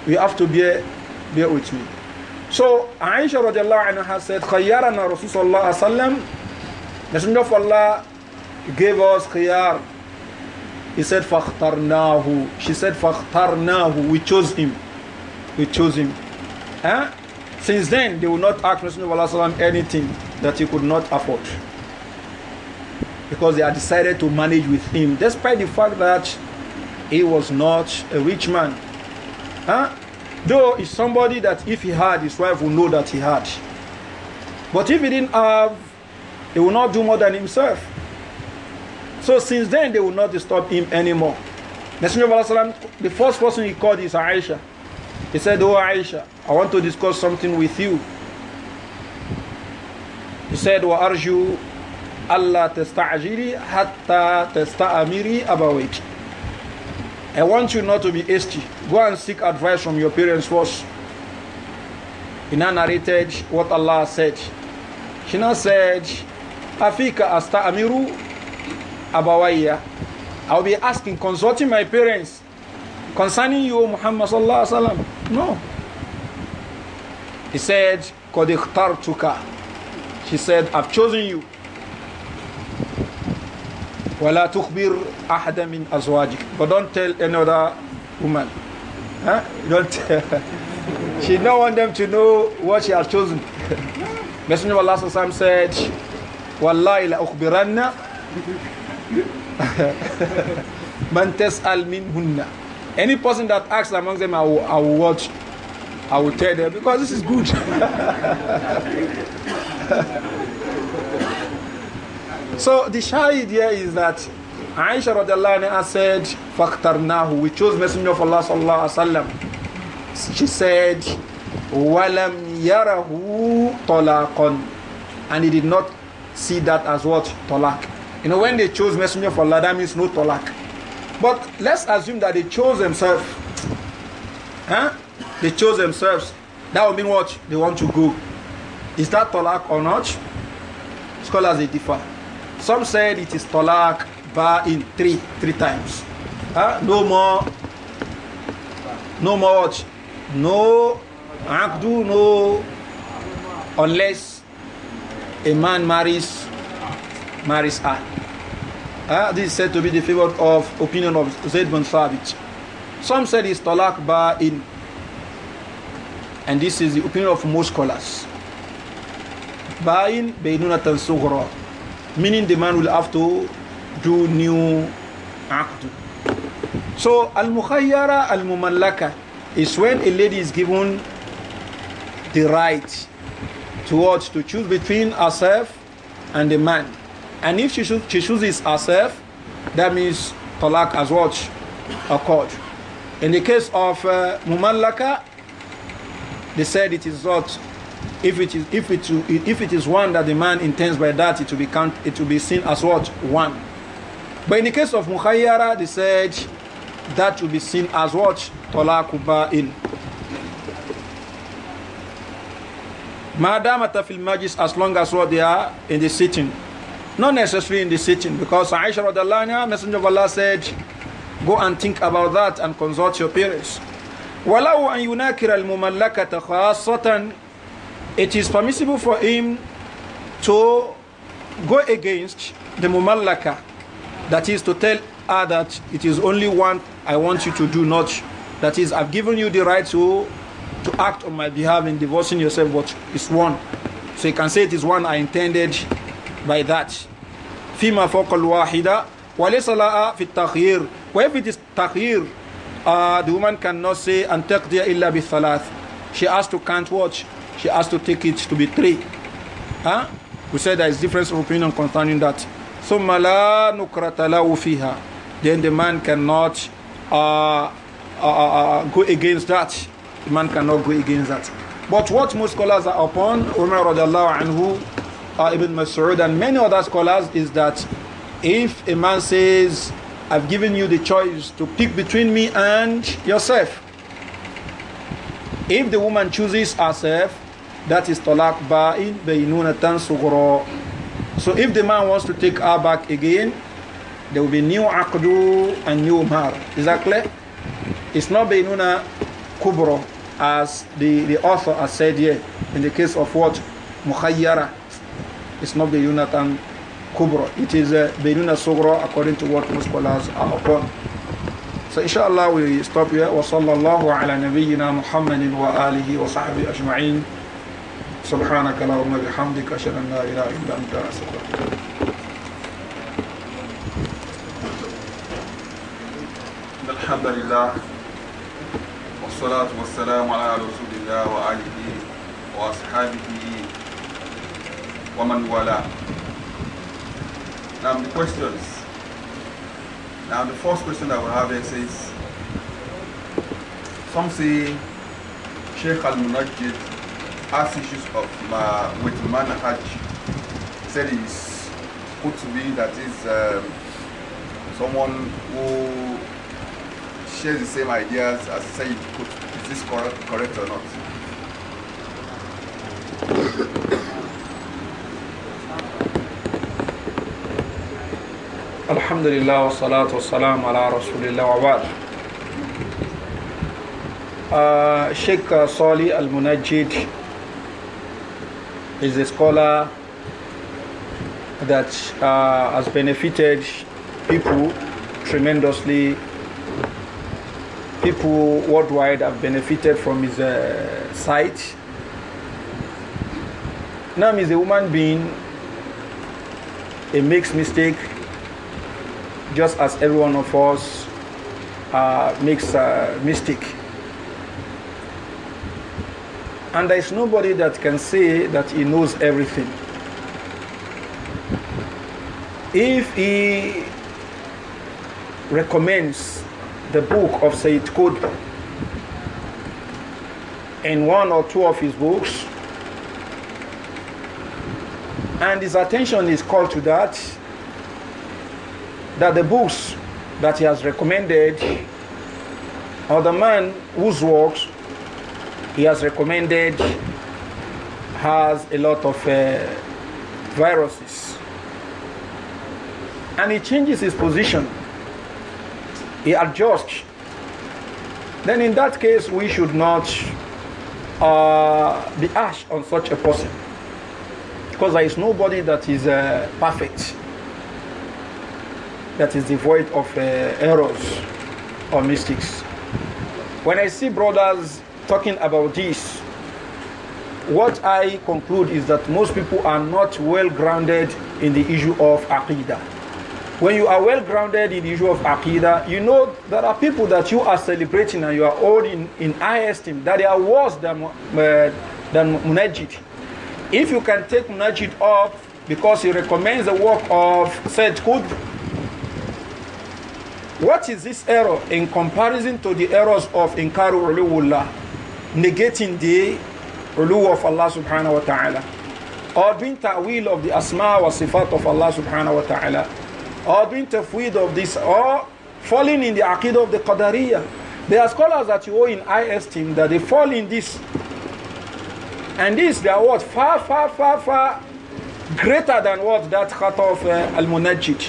You have to bear, bear with me. So Aisha radiallahu anha said, Khayyarana Rasulullah sallam, Messenger of Allah gave us khiyar. He said, Fakhtarnahu. She said, Fakhtarnahu. We chose him. We chose him. Huh? Since then, they will not ask Messenger of Allah anything that he could not afford. Because they had decided to manage with him, despite the fact that he was not a rich man. Huh? Though it's somebody that if he had, his wife will know that he had. But if he didn't have, he will not do more than himself. So since then, they will not disturb him anymore. Messenger of Allah, the first person he called is Aisha. He said, Oh Aisha, I want to discuss something with you. He said, Wa arju Allah testa'ajiri hatta amirī abawayki. I want you not to be hasty. Go and seek advice from your parents first. He now narrated what Allah said. She now said, Afika asta amiru abawaya. I'll be asking, consulting my parents concerning you, Muhammad sallallahu alaihi wasallam. No. He said, "Kodikhtar tuka. She said, I've chosen you. ولا تخبر أحدا من أزواجك but don't tell another woman huh? don't she don't want them to know what she has chosen Messenger of Allah sallam said wallahi والله لأخبرن من تسأل منهن any person that asks among them I will, I will watch I will tell them because this is good So the shahid here is that Aisha radiallahu anha said, Faktarnahu, we chose Messenger of Allah sallallahu alaihi wasallam. She said, Walam yarahu talaqan. And he did not see that as what? Talaq. You know, when they chose Messenger of Allah, that means no talaq. But let's assume that they chose themselves. Huh? They chose themselves. That would mean what? They want to go. Is that talaq or not? Scholars, they differ. Some said it is talak ba in three, three times. Huh? No more, no more No akdu, no, unless a man marries, marries her. Huh? This is said to be the favorite of opinion of Zaid bin Thabit. Some said it's talak ba in, and this is the opinion of most scholars. Ba in Ba'in, Beinunatan Sughra meaning the man will have to do new act. So al-mukhayyara al-mumallaka is when a lady is given the right towards to choose between herself and the man. And if she, should, she chooses herself, that means talak as what occurred. In the case of uh, mumallaka, they said it is not if it is if it if it is one that the man intends by that it will be count it will be seen as what one but in the case of mukhayyara they said that will be seen as what talaku in Madam, atafil Magis, as long as what they are in the sitting not necessarily in the sitting because Aisha radallahu messenger of Allah said go and think about that and consult your parents ولو أن al المملكة khasatan it is permissible for him to go against the mumallaka that is to tell her that it is only one i want you to do not that is i've given you the right to to act on my behalf in divorcing yourself but it's one so you can say it is one i intended by that فيما فوق الواحدة وليس لها في التخيير وإف it is takhir, uh, the woman cannot say أن illa bi بالثلاث she has to count what she has to take it to be three. Huh? We said there is difference of opinion concerning that. So mala nukratalahu ufiha. Then the man cannot uh uh, uh, uh, uh, go against that. The man cannot go against that. But what most scholars are upon, Umar radiallahu anhu, uh, Ibn Mas'ud and many other scholars is that if a man says, I've given you the choice to pick between me and yourself. If the woman chooses herself, that is talaq ba'in baynunatan sughra. So if the man wants to take her back again, there will be new aqdu and new mar. Is that clear? It's not baynuna kubra as the, the author has said here in the case of what? Mukhayyara. It's not baynuna tan kubra. It is uh, baynuna sughra according to what most scholars are upon. So inshallah we stop here. وصلى الله على نبينا محمد وآله وصحبه أجمعين. سبحانك اللهم بحمدك أشهد أن لا إله إلا أنت أستغفرك الحمد لله والصلاة والسلام على رسول الله وآله وأصحابه ومن والاه. Now the questions. Now the first question that we have here says, some say Sheikh Al-Munajjid has issues of ma, with manhaj. He said he's put to be that is um, someone who shares the same ideas as Sayyid Qutb. Is this correct, correct or not? الحمد لله والصلاة والسلام على رسول الله وبعد Sheikh uh, Sali Al-Munajjid is a scholar that uh, has benefited people tremendously. People worldwide have benefited from his uh, sight. Nam is a human being. He makes mistake, just as every one of us uh, makes a uh, mistake. And there is nobody that can say that he knows everything. If he recommends the book of Sayyid Qutb in one or two of his books, and his attention is called to that, that the books that he has recommended or the man whose works he has recommended has a lot of uh, viruses. And he changes his position. He adjusts. Then in that case, we should not uh, be harsh on such a person. Because there is nobody that is uh, perfect, that is devoid of uh, errors or mistakes. When I see brothers talking about this, what I conclude is that most people are not well grounded in the issue of Aqidah. When you are well grounded in the issue of Aqidah, you know there are people that you are celebrating and you are holding in high esteem that they are worse than, uh, than Munajid. If you can take Munajid off because he recommends the work of Said Qutb, what is this error in comparison to the errors of Inkaru Uluwullah? negating the ulu of Allah subhanahu wa ta'ala or doing ta'wil of the asma wa sifat of Allah subhanahu wa ta'ala or doing tafweed of this or falling in the aqidah of the qadariyah there are scholars that you owe in high esteem that they fall in this and this they are what far far far far greater than what that cut of uh, al-munajjid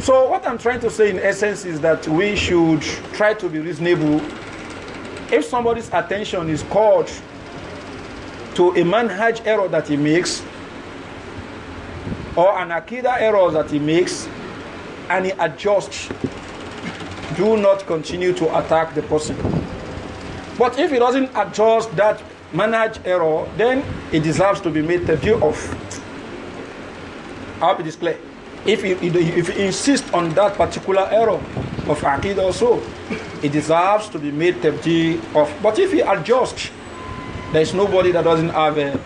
so what i'm trying to say in essence is that we should try to be reasonable if somebody's attention is called to a manhaj error that he makes, or an akida error that he makes, and he adjusts, do not continue to attack the person. But if he doesn't adjust that manhaj error, then he deserves to be made the view of. I'll be display. If you if on that particular error of akida also, he deserves to be made empty of. But if he adjusts, there is nobody that doesn't have uh,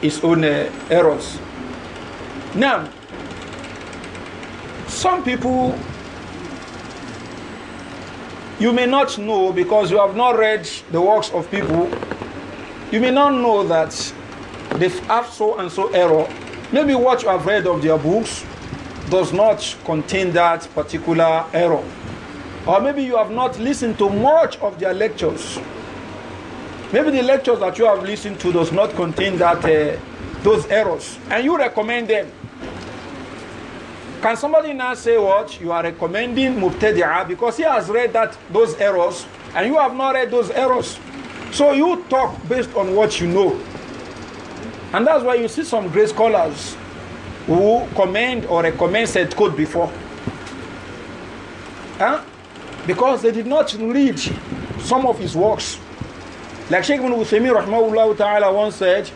his own uh, errors. Now, some people you may not know because you have not read the works of people. You may not know that they have so and so error. Maybe what you have read of their books does not contain that particular error. Or maybe you have not listened to much of their lectures. Maybe the lectures that you have listened to does not contain that uh, those errors, and you recommend them. Can somebody now say what you are recommending Mubtadi'ah because he has read that those errors and you have not read those errors? So you talk based on what you know. And that's why you see some great scholars who commend or recommend said code before. Huh? because they did not read some of his works. Like Sheikh Ibn Uthaymeen rahmahullah ta'ala once said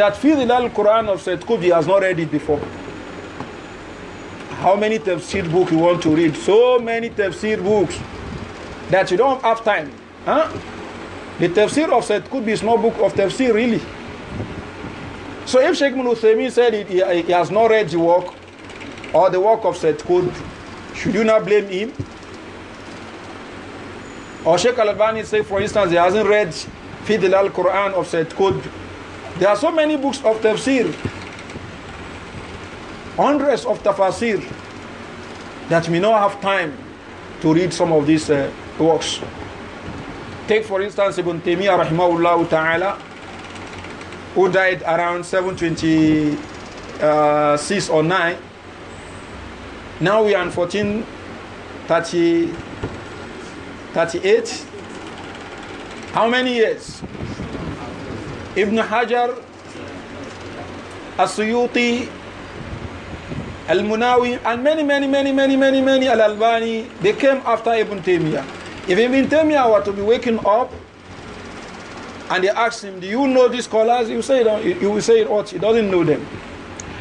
that Fidil al-Quran of Said Qutb has not read it before. How many tafsir book you want to read? So many tafsir books that you don't have time. Huh? The tafsir of Said could is no book of tafsir really. So if Sheikh Ibn Uthaymeen said it, he, has not read the work or the work of Said Qutb, should you not blame him? Or Sheikh Al-Albani say, for instance, he hasn't read Fidil al-Quran of Said Qutb. There are so many books of tafsir, hundreds of tafsir, that we not have time to read some of these uh, works. Take for instance Ibn Taymiyyah rahimahullah ta'ala, who died around 726 uh, or 9. Now we are in 1430. 38. How many years? Ibn Hajar, Asuyuti, Al Munawi, and many, many, many, many, many, many Al Albani, they came after Ibn Taymiyyah. If Ibn Taymiyyah were to be waking up and they asked him, Do you know these scholars? He will say, he will say what? He doesn't know them.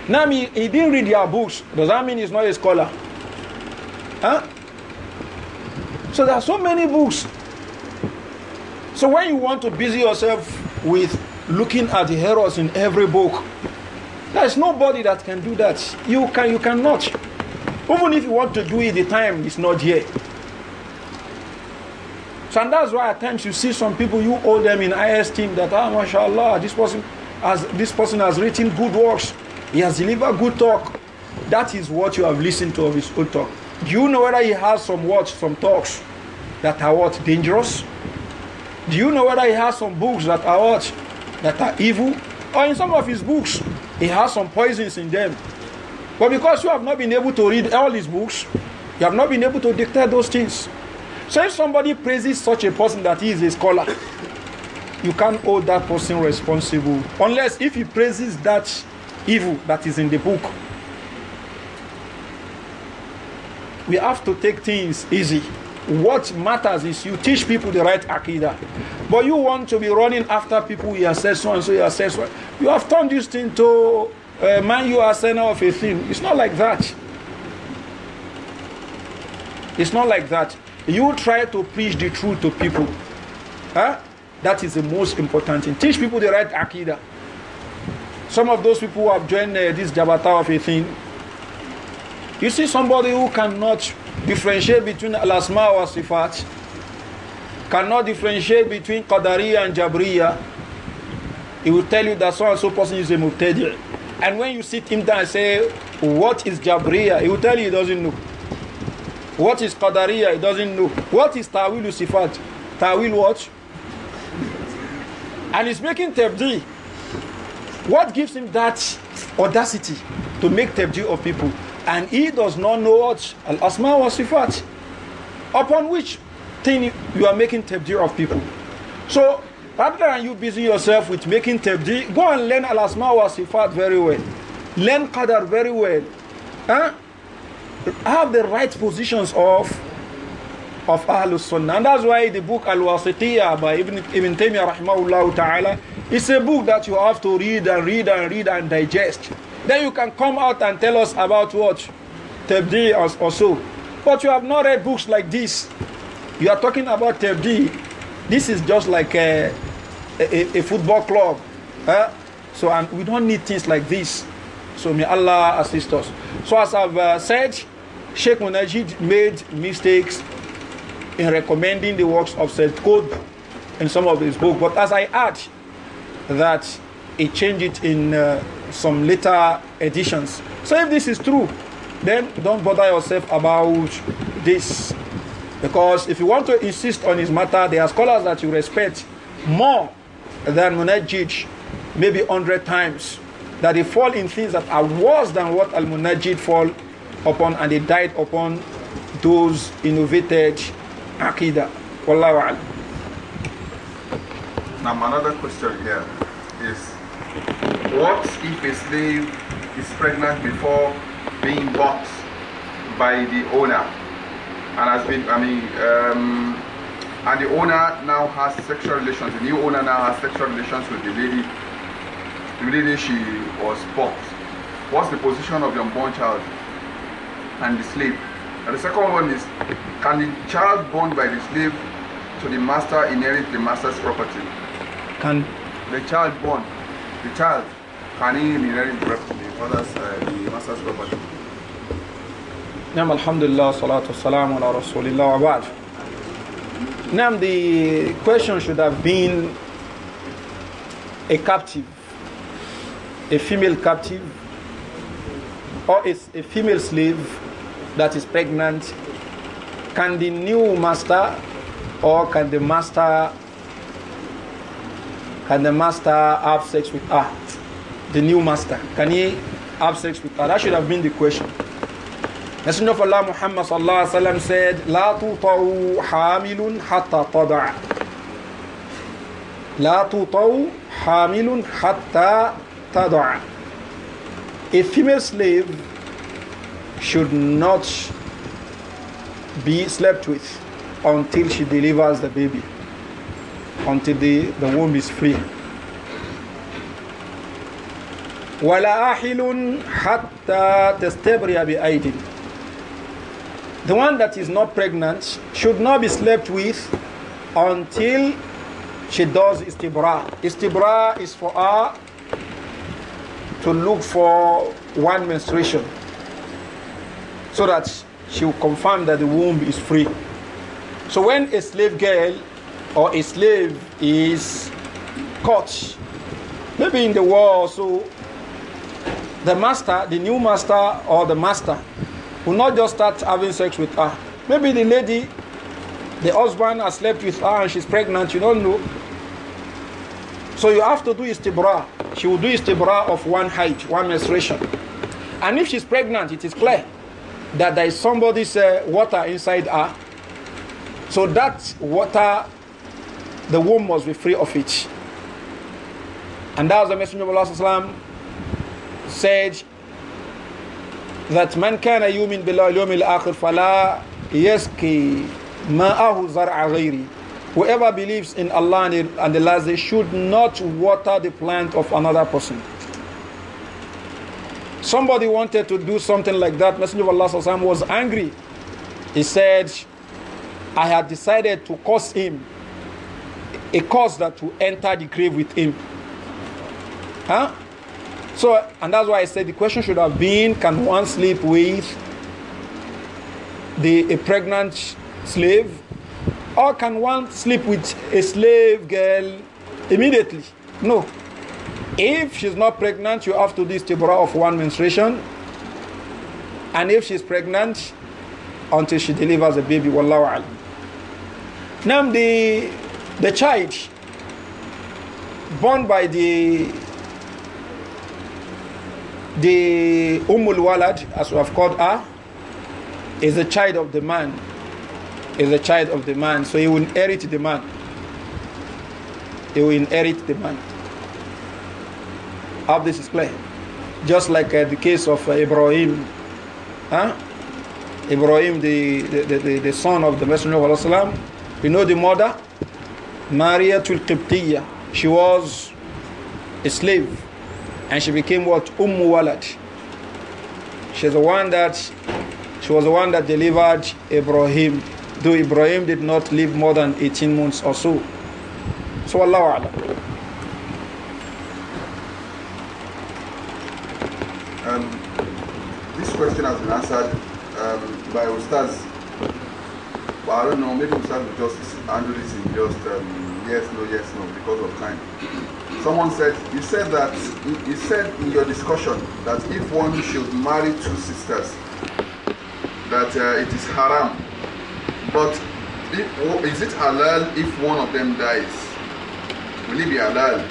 Now, he, he didn't read their books. Does that mean he's not a scholar? Huh? So there are so many books. So when you want to busy yourself with looking at the heroes in every book, there is nobody that can do that. You can you cannot. Even if you want to do it, the time is not here. So and that's why at times you see some people you hold them in high esteem that ah mashallah this person has this person has written good works, he has delivered good talk. That is what you have listened to of his good talk. Do you know whether he has some words, some talks that are what? Dangerous? Do you know whether he has some books that are what? That are evil? Or in some of his books, he has some poisons in them. But because you have not been able to read all his books, you have not been able to dictate those things. So if somebody praises such a person that he is a scholar, you can't hold that person responsible. Unless if he praises that evil that is in the book, we have to take things easy. What matters is you teach people the right akida. But you want to be running after people, you assess so and so, you assess so. You have turned this thing to uh, man, you are center of a thing. It's not like that. It's not like that. You try to preach the truth to people. Huh? That is the most important thing. Teach people the right akida. Some of those people who have joined uh, this jabata of a thing, you see somebody who cannot differentiate between al-asma wa sifat, cannot differentiate between Qadariya and Jabriya, he will tell you that so and so person is a mubtadi. And when you sit him down and say, what is Jabriya? He will tell you he doesn't know. What is Qadariya? He doesn't know. What is Tawil Sifat? Tawil what? And he's making tabdi. What gives him that audacity to make tabdi of people? and he does not know what al asma wa sifat upon which thing you are making tabdir of people so rather than you busy yourself with making tabdir go and learn al asma wa sifat very well learn qadar very well huh? have the right positions of of Ahlul Sunnah. And that's why the book Al-Wasitiyah by Ibn, Ibn Taymiyyah rahimahullah ta'ala is a book that you have to read and read and read and digest. Then you can come out and tell us about what? Tabdi or, so. But you have not read books like this. You are talking about Tabdi. This is just like a, a, a football club. Huh? Eh? So and we don't need things like this. So may Allah assist us. So as I've uh, said, Sheikh Munajid made mistakes in recommending the works of Said Qutb in some of his books. But as I add that he changed it in uh, some later editions. So if this is true, then don't bother yourself about this. Because if you want to insist on his matter, there are scholars that you respect more than Munajjid, maybe 100 times, that they fall in things that are worse than what Al Munajjid fall upon and they died upon those innovated Aqidah. Wallahu Now, another question here is what if a slave is pregnant before being bought by the owner and has been, I mean, um, and the owner now has sexual relations, the new owner now has sexual relations with the lady, the lady she was bought. What's the position of the unborn child and the slave? And the second one is, can the child born by the slave to the master inherit the master's property? Can the child born the child can inherit the, the father's uh, the master's Alhamdulillah, salatu wassalamu ala rasulillah wa Now, the question should have been a captive, a female captive, or is a female slave that is pregnant. Can the new master or can the master can the master have sex with her? The new master. Can he have sex with her? That should have been the question. Messenger of Allah Muhammad said, "La تطعوا hamilun hatta tadaa." La تطعوا hamilun hatta tadaa. A female slave should not be slept with until she delivers the baby until the, the womb is free. وَلَا أَحِلٌ حَتَّى تَسْتَبْرِيَ بِأَيْدٍ The one that is not pregnant should not be slept with until she does istibra. Istibra is for her to look for one menstruation so that she will confirm that the womb is free. So when a slave girl or a slave is caught, maybe in the war, so the master, the new master or the master, will not just start having sex with her. Maybe the lady, the husband has slept with her and she's pregnant, you don't know. So you have to do istibra. She will do istibra of one height, one menstruation. And if she's pregnant, it is clear that there is somebody's uh, water inside her. So that water the womb must be free of it. And that was the Messenger of Allah said that man kana yumin billahi akhir fala yaski ma'ahu whoever believes in Allah and the last day should not water the plant of another person somebody wanted to do something like that messenger of Allah was angry he said I had decided to curse him a cause that will enter the grave with him. Huh? So, and that's why I said the question should have been can one sleep with the, a pregnant slave? Or can one sleep with a slave girl immediately? No. If she's not pregnant, you have to do istibra of one menstruation. And if she's pregnant, until she delivers a baby, wallahu alam. Now the the child born by the the Ummul Walad, as we have called her, is a child of the man. Is a child of the man. So he will inherit the man. He will inherit the man. How this is clear. Just like uh, the case of uh, Ibrahim. Huh? Ibrahim, the, the, the, the son of the Messenger of Allah, we know the mother Mariatul Qibtiyya. She was a slave and she became what? Umm Walad. She's the one that she was the one that delivered Ibrahim. Though Ibrahim did not live more than 18 months or so. So Allah Um, this question has been answered um, by Ustaz but I don't know, maybe we start with just handle this in just um, yes, no, yes, no, because of time. Someone said, you said that, you said in your discussion that if one should marry two sisters, that uh, it is haram. But if, is it halal if one of them dies? Will it be halal?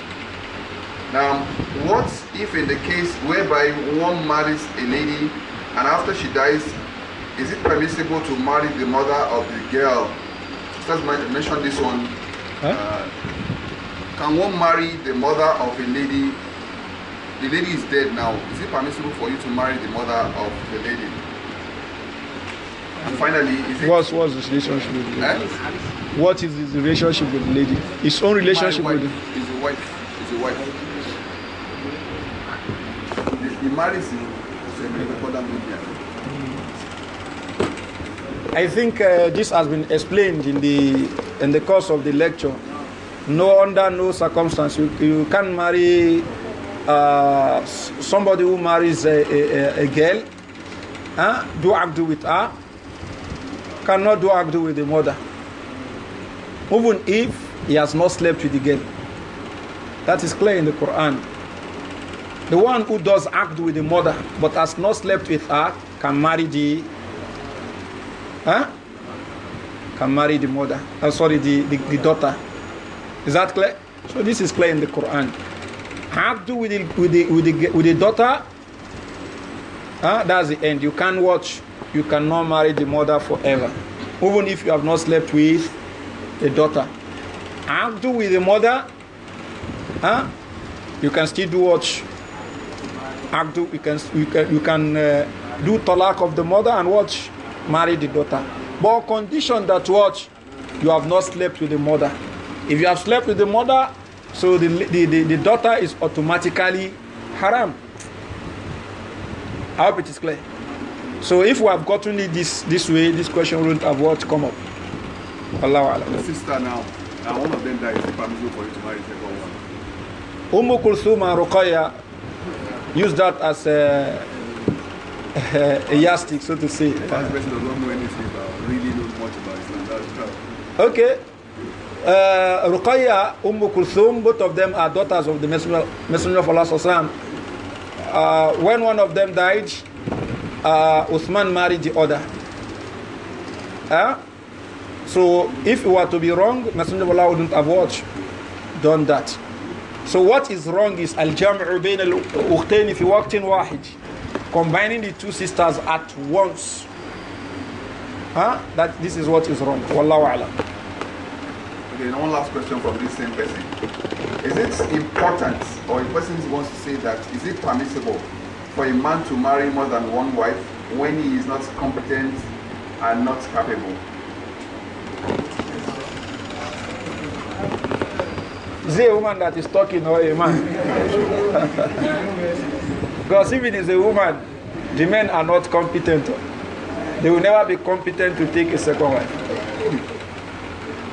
Now, what if in the case whereby one marries a lady and after she dies, is it permissible to marry the mother of the girl? Just mention this one. Huh? Uh, can one marry the mother of a lady? The lady is dead now. Is it permissible for you to marry the mother of the lady? And finally, is it... What's, what's relationship with the lady? Eh? What is his relationship with the lady? His own relationship with the... Is a wife. Is a wife. He marries him. I think uh, this has been explained in the in the course of the lecture. No under no circumstance you, you can marry uh, somebody who marries a, a, a girl, huh? do abdu with her, cannot do abdu with the mother, even if he has not slept with the girl. That is clear in the Quran. The one who does act with the mother but has not slept with her can marry the huh? can marry the mother. I'm oh, sorry, the, the, the daughter. Is that clear? So this is clear in the Quran. Abdu with the, with the, with the, with the daughter, huh? that's the end. You can't watch, you cannot marry the mother forever. Even if you have not slept with the daughter. do with the mother, huh? you can still do watch. Abdu, you can, you can, you can uh, do talak of the mother and watch marry the daughter. But on condition that what? You have not slept with the mother. If you have slept with the mother, so the, the, the, the daughter is automatically haram. I hope it is clear. So if we have gotten it this, this way, this question wouldn't have what come up. Allah Allah. Sister now, now one of them that is permissible for you to marry the second one. Umm Kulthum and Ruqayya use that as a uh, uh, yastic, so to say. The first person does not know anything about, really knows much about Islam. That's Okay. Uh, Ruqayya, Umm Kulthum, both of them are daughters of the Messenger, Messenger of Allah. Sallam. Uh, when one of them died, uh, Uthman married the other. Huh? So if it were to be wrong, Messenger of Allah wouldn't have watched, done that. So what is wrong is al-jam'u bayn al you walked in wahid combining the two sisters at once. Huh? That this is what is wrong. Wallahu alam. Okay, one last question from this same person. Is it important, or a person wants to say that, is it permissible for a man to marry more than one wife when he is not competent and not capable? Is it a woman that is talking or a man? Because if it is a woman, the men are not competent. They will never be competent to take a second wife.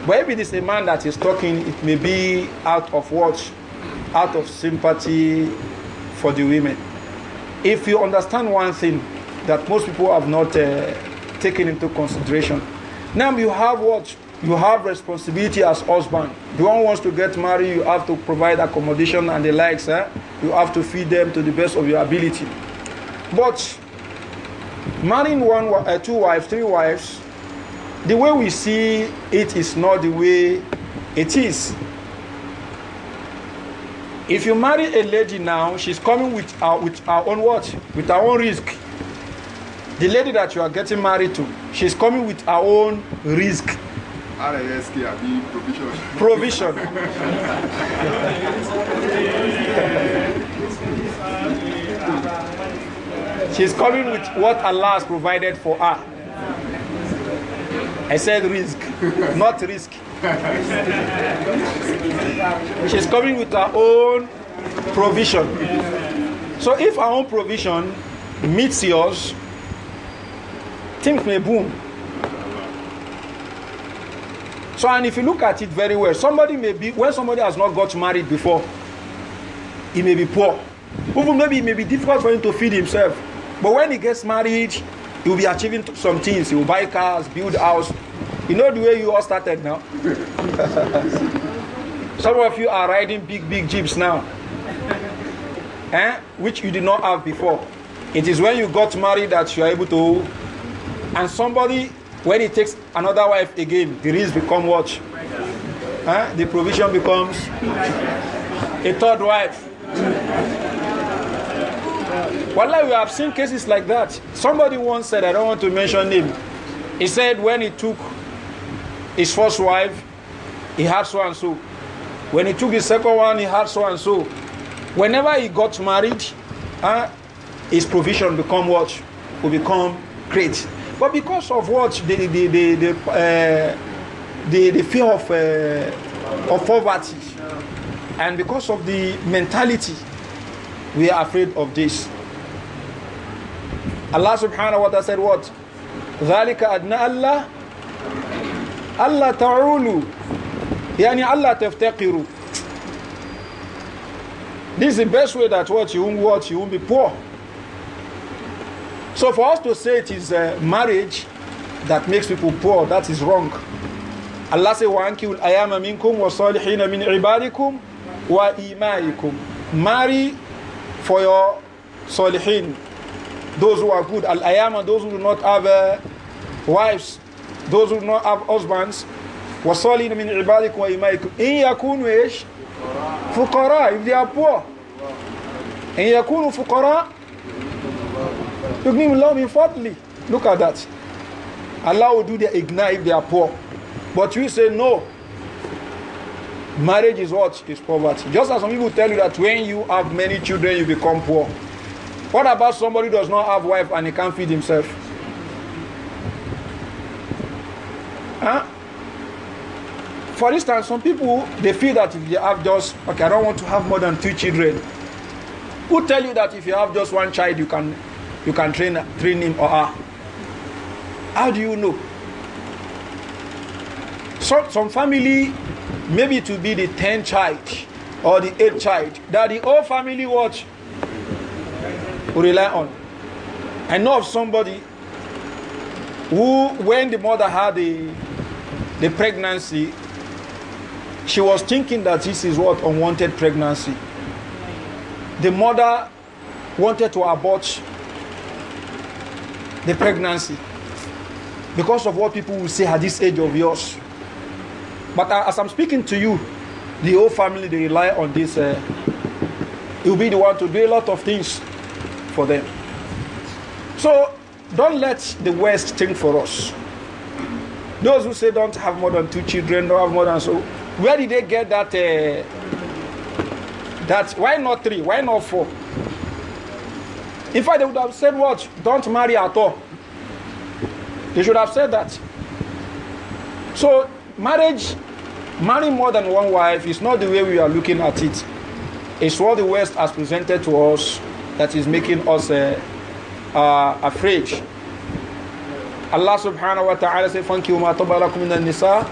But if it is a man that is talking, it may be out of watch, out of sympathy for the women. If you understand one thing that most people have not uh, taken into consideration, now you have what you have responsibility as husband. The one wants to get married, you have to provide accommodation and the likes. Eh? You have to feed them to the best of your ability. But marrying one, uh, two wives, three wives, the way we see it is not the way it is. If you marry a lady now, she's coming with our with our own what? With her own risk. The lady that you are getting married to, she's coming with her own risk RSK àbí provision. provision. is coming with what Allah has provided for her. I said risk, not risk. She is coming with her own provision. So if her own provision meets yours, things may boom. So, and if you look at it very well, somebody may be, when somebody has not got married before, he may be poor. Even maybe it may be difficult for him to feed himself. But when he gets married, he will be achieving some things. He will buy cars, build house. You know the way you all started now? some of you are riding big, big jeeps now, eh? which you did not have before. It is when you got married that you are able to. And somebody when he takes another wife again, the risk become what? Huh? The provision becomes a third wife. Wallah, we have seen cases like that. Somebody once said, I don't want to mention him. He said when he took his first wife, he had so and so. When he took his second one, he had so and so. Whenever he got married, uh, his provision become what? Will become great. But because of what the the the the, uh, the, the, fear of uh, of poverty, and because of the mentality, we are afraid of this. Allah Subhanahu wa Taala said what? ذلك أدنى الله ألا تعولوا يعني ألا تفتقروا This is the best way that what you won't what you won't be poor. So for us to say it is uh, marriage that makes people poor, that is wrong. Allah says, say, وَأَنْكِهُ الْأَيَامَ مِنْكُمْ min مِنْ wa وَإِمَائِكُمْ Marry for your salihin, those who are good. Al-ayama, those who do not have uh, wives, those who do not have husbands. وَالصَّالِحِينَ مِنْ عِبَادِكُمْ وَإِمَائِكُمْ إِنْ يَكُونُوا إيش? فقراء if they are poor. إِنْ يَكُونُوا فقراء Look at that. Allah will do their ignite if they are poor. But you say no. Marriage is what? Is poverty. Just as some people tell you that when you have many children, you become poor. What about somebody who does not have wife and he can't feed himself? Huh? For instance, some people they feel that if they have just okay, I don't want to have more than two children. Who tell you that if you have just one child, you can you can train, train him or her. How do you know? So, some family, maybe to be the 10th child or the 8th child, that the whole family watch will rely on. I know of somebody who, when the mother had the, the pregnancy, she was thinking that this is what unwanted pregnancy. The mother wanted to abort the pregnancy because of what people will say at this age of yours. But as I'm speaking to you, the whole family they rely on this. Uh, you'll be the one to do a lot of things for them. So don't let the West think for us. Those who say don't have more than two children, don't have more than so, where did they get that? Uh, that why not three? Why not four? In fact, they would have said what? Don't marry at all. They should have said that. So, marriage, marrying more than one wife is not the way we are looking at it. It's what the West has presented to us that is making us uh, uh, afraid. Allah subhanahu wa ta'ala says, فَانْكِهُ مَا طَبَ لَكُمْ مِنَ النِّسَاءِ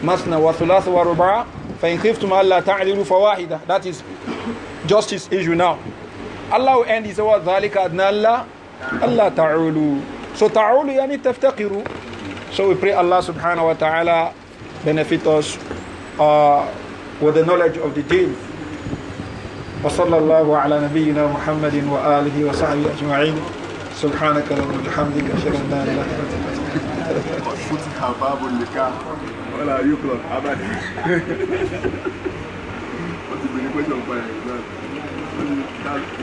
مَثْنَى وَثُلَاثُ وَرُبَعَ فَإِنْ خِفْتُمْ أَلَّا تَعْدِلُوا fawahida." That is justice issue now. الله عندي سوى ذلك أدنى الله الله تعالوا so تعالوا يعني تفتقروا so we pray Allah subhanahu wa ta'ala benefit us uh, with the knowledge of the deen وصلى الله على نبينا محمد وآله وصحبه أجمعين سبحانك اللهم وبحمدك أشهد أن لا إله إلا أنت فتح باب النكاح ولا يغلق أبدا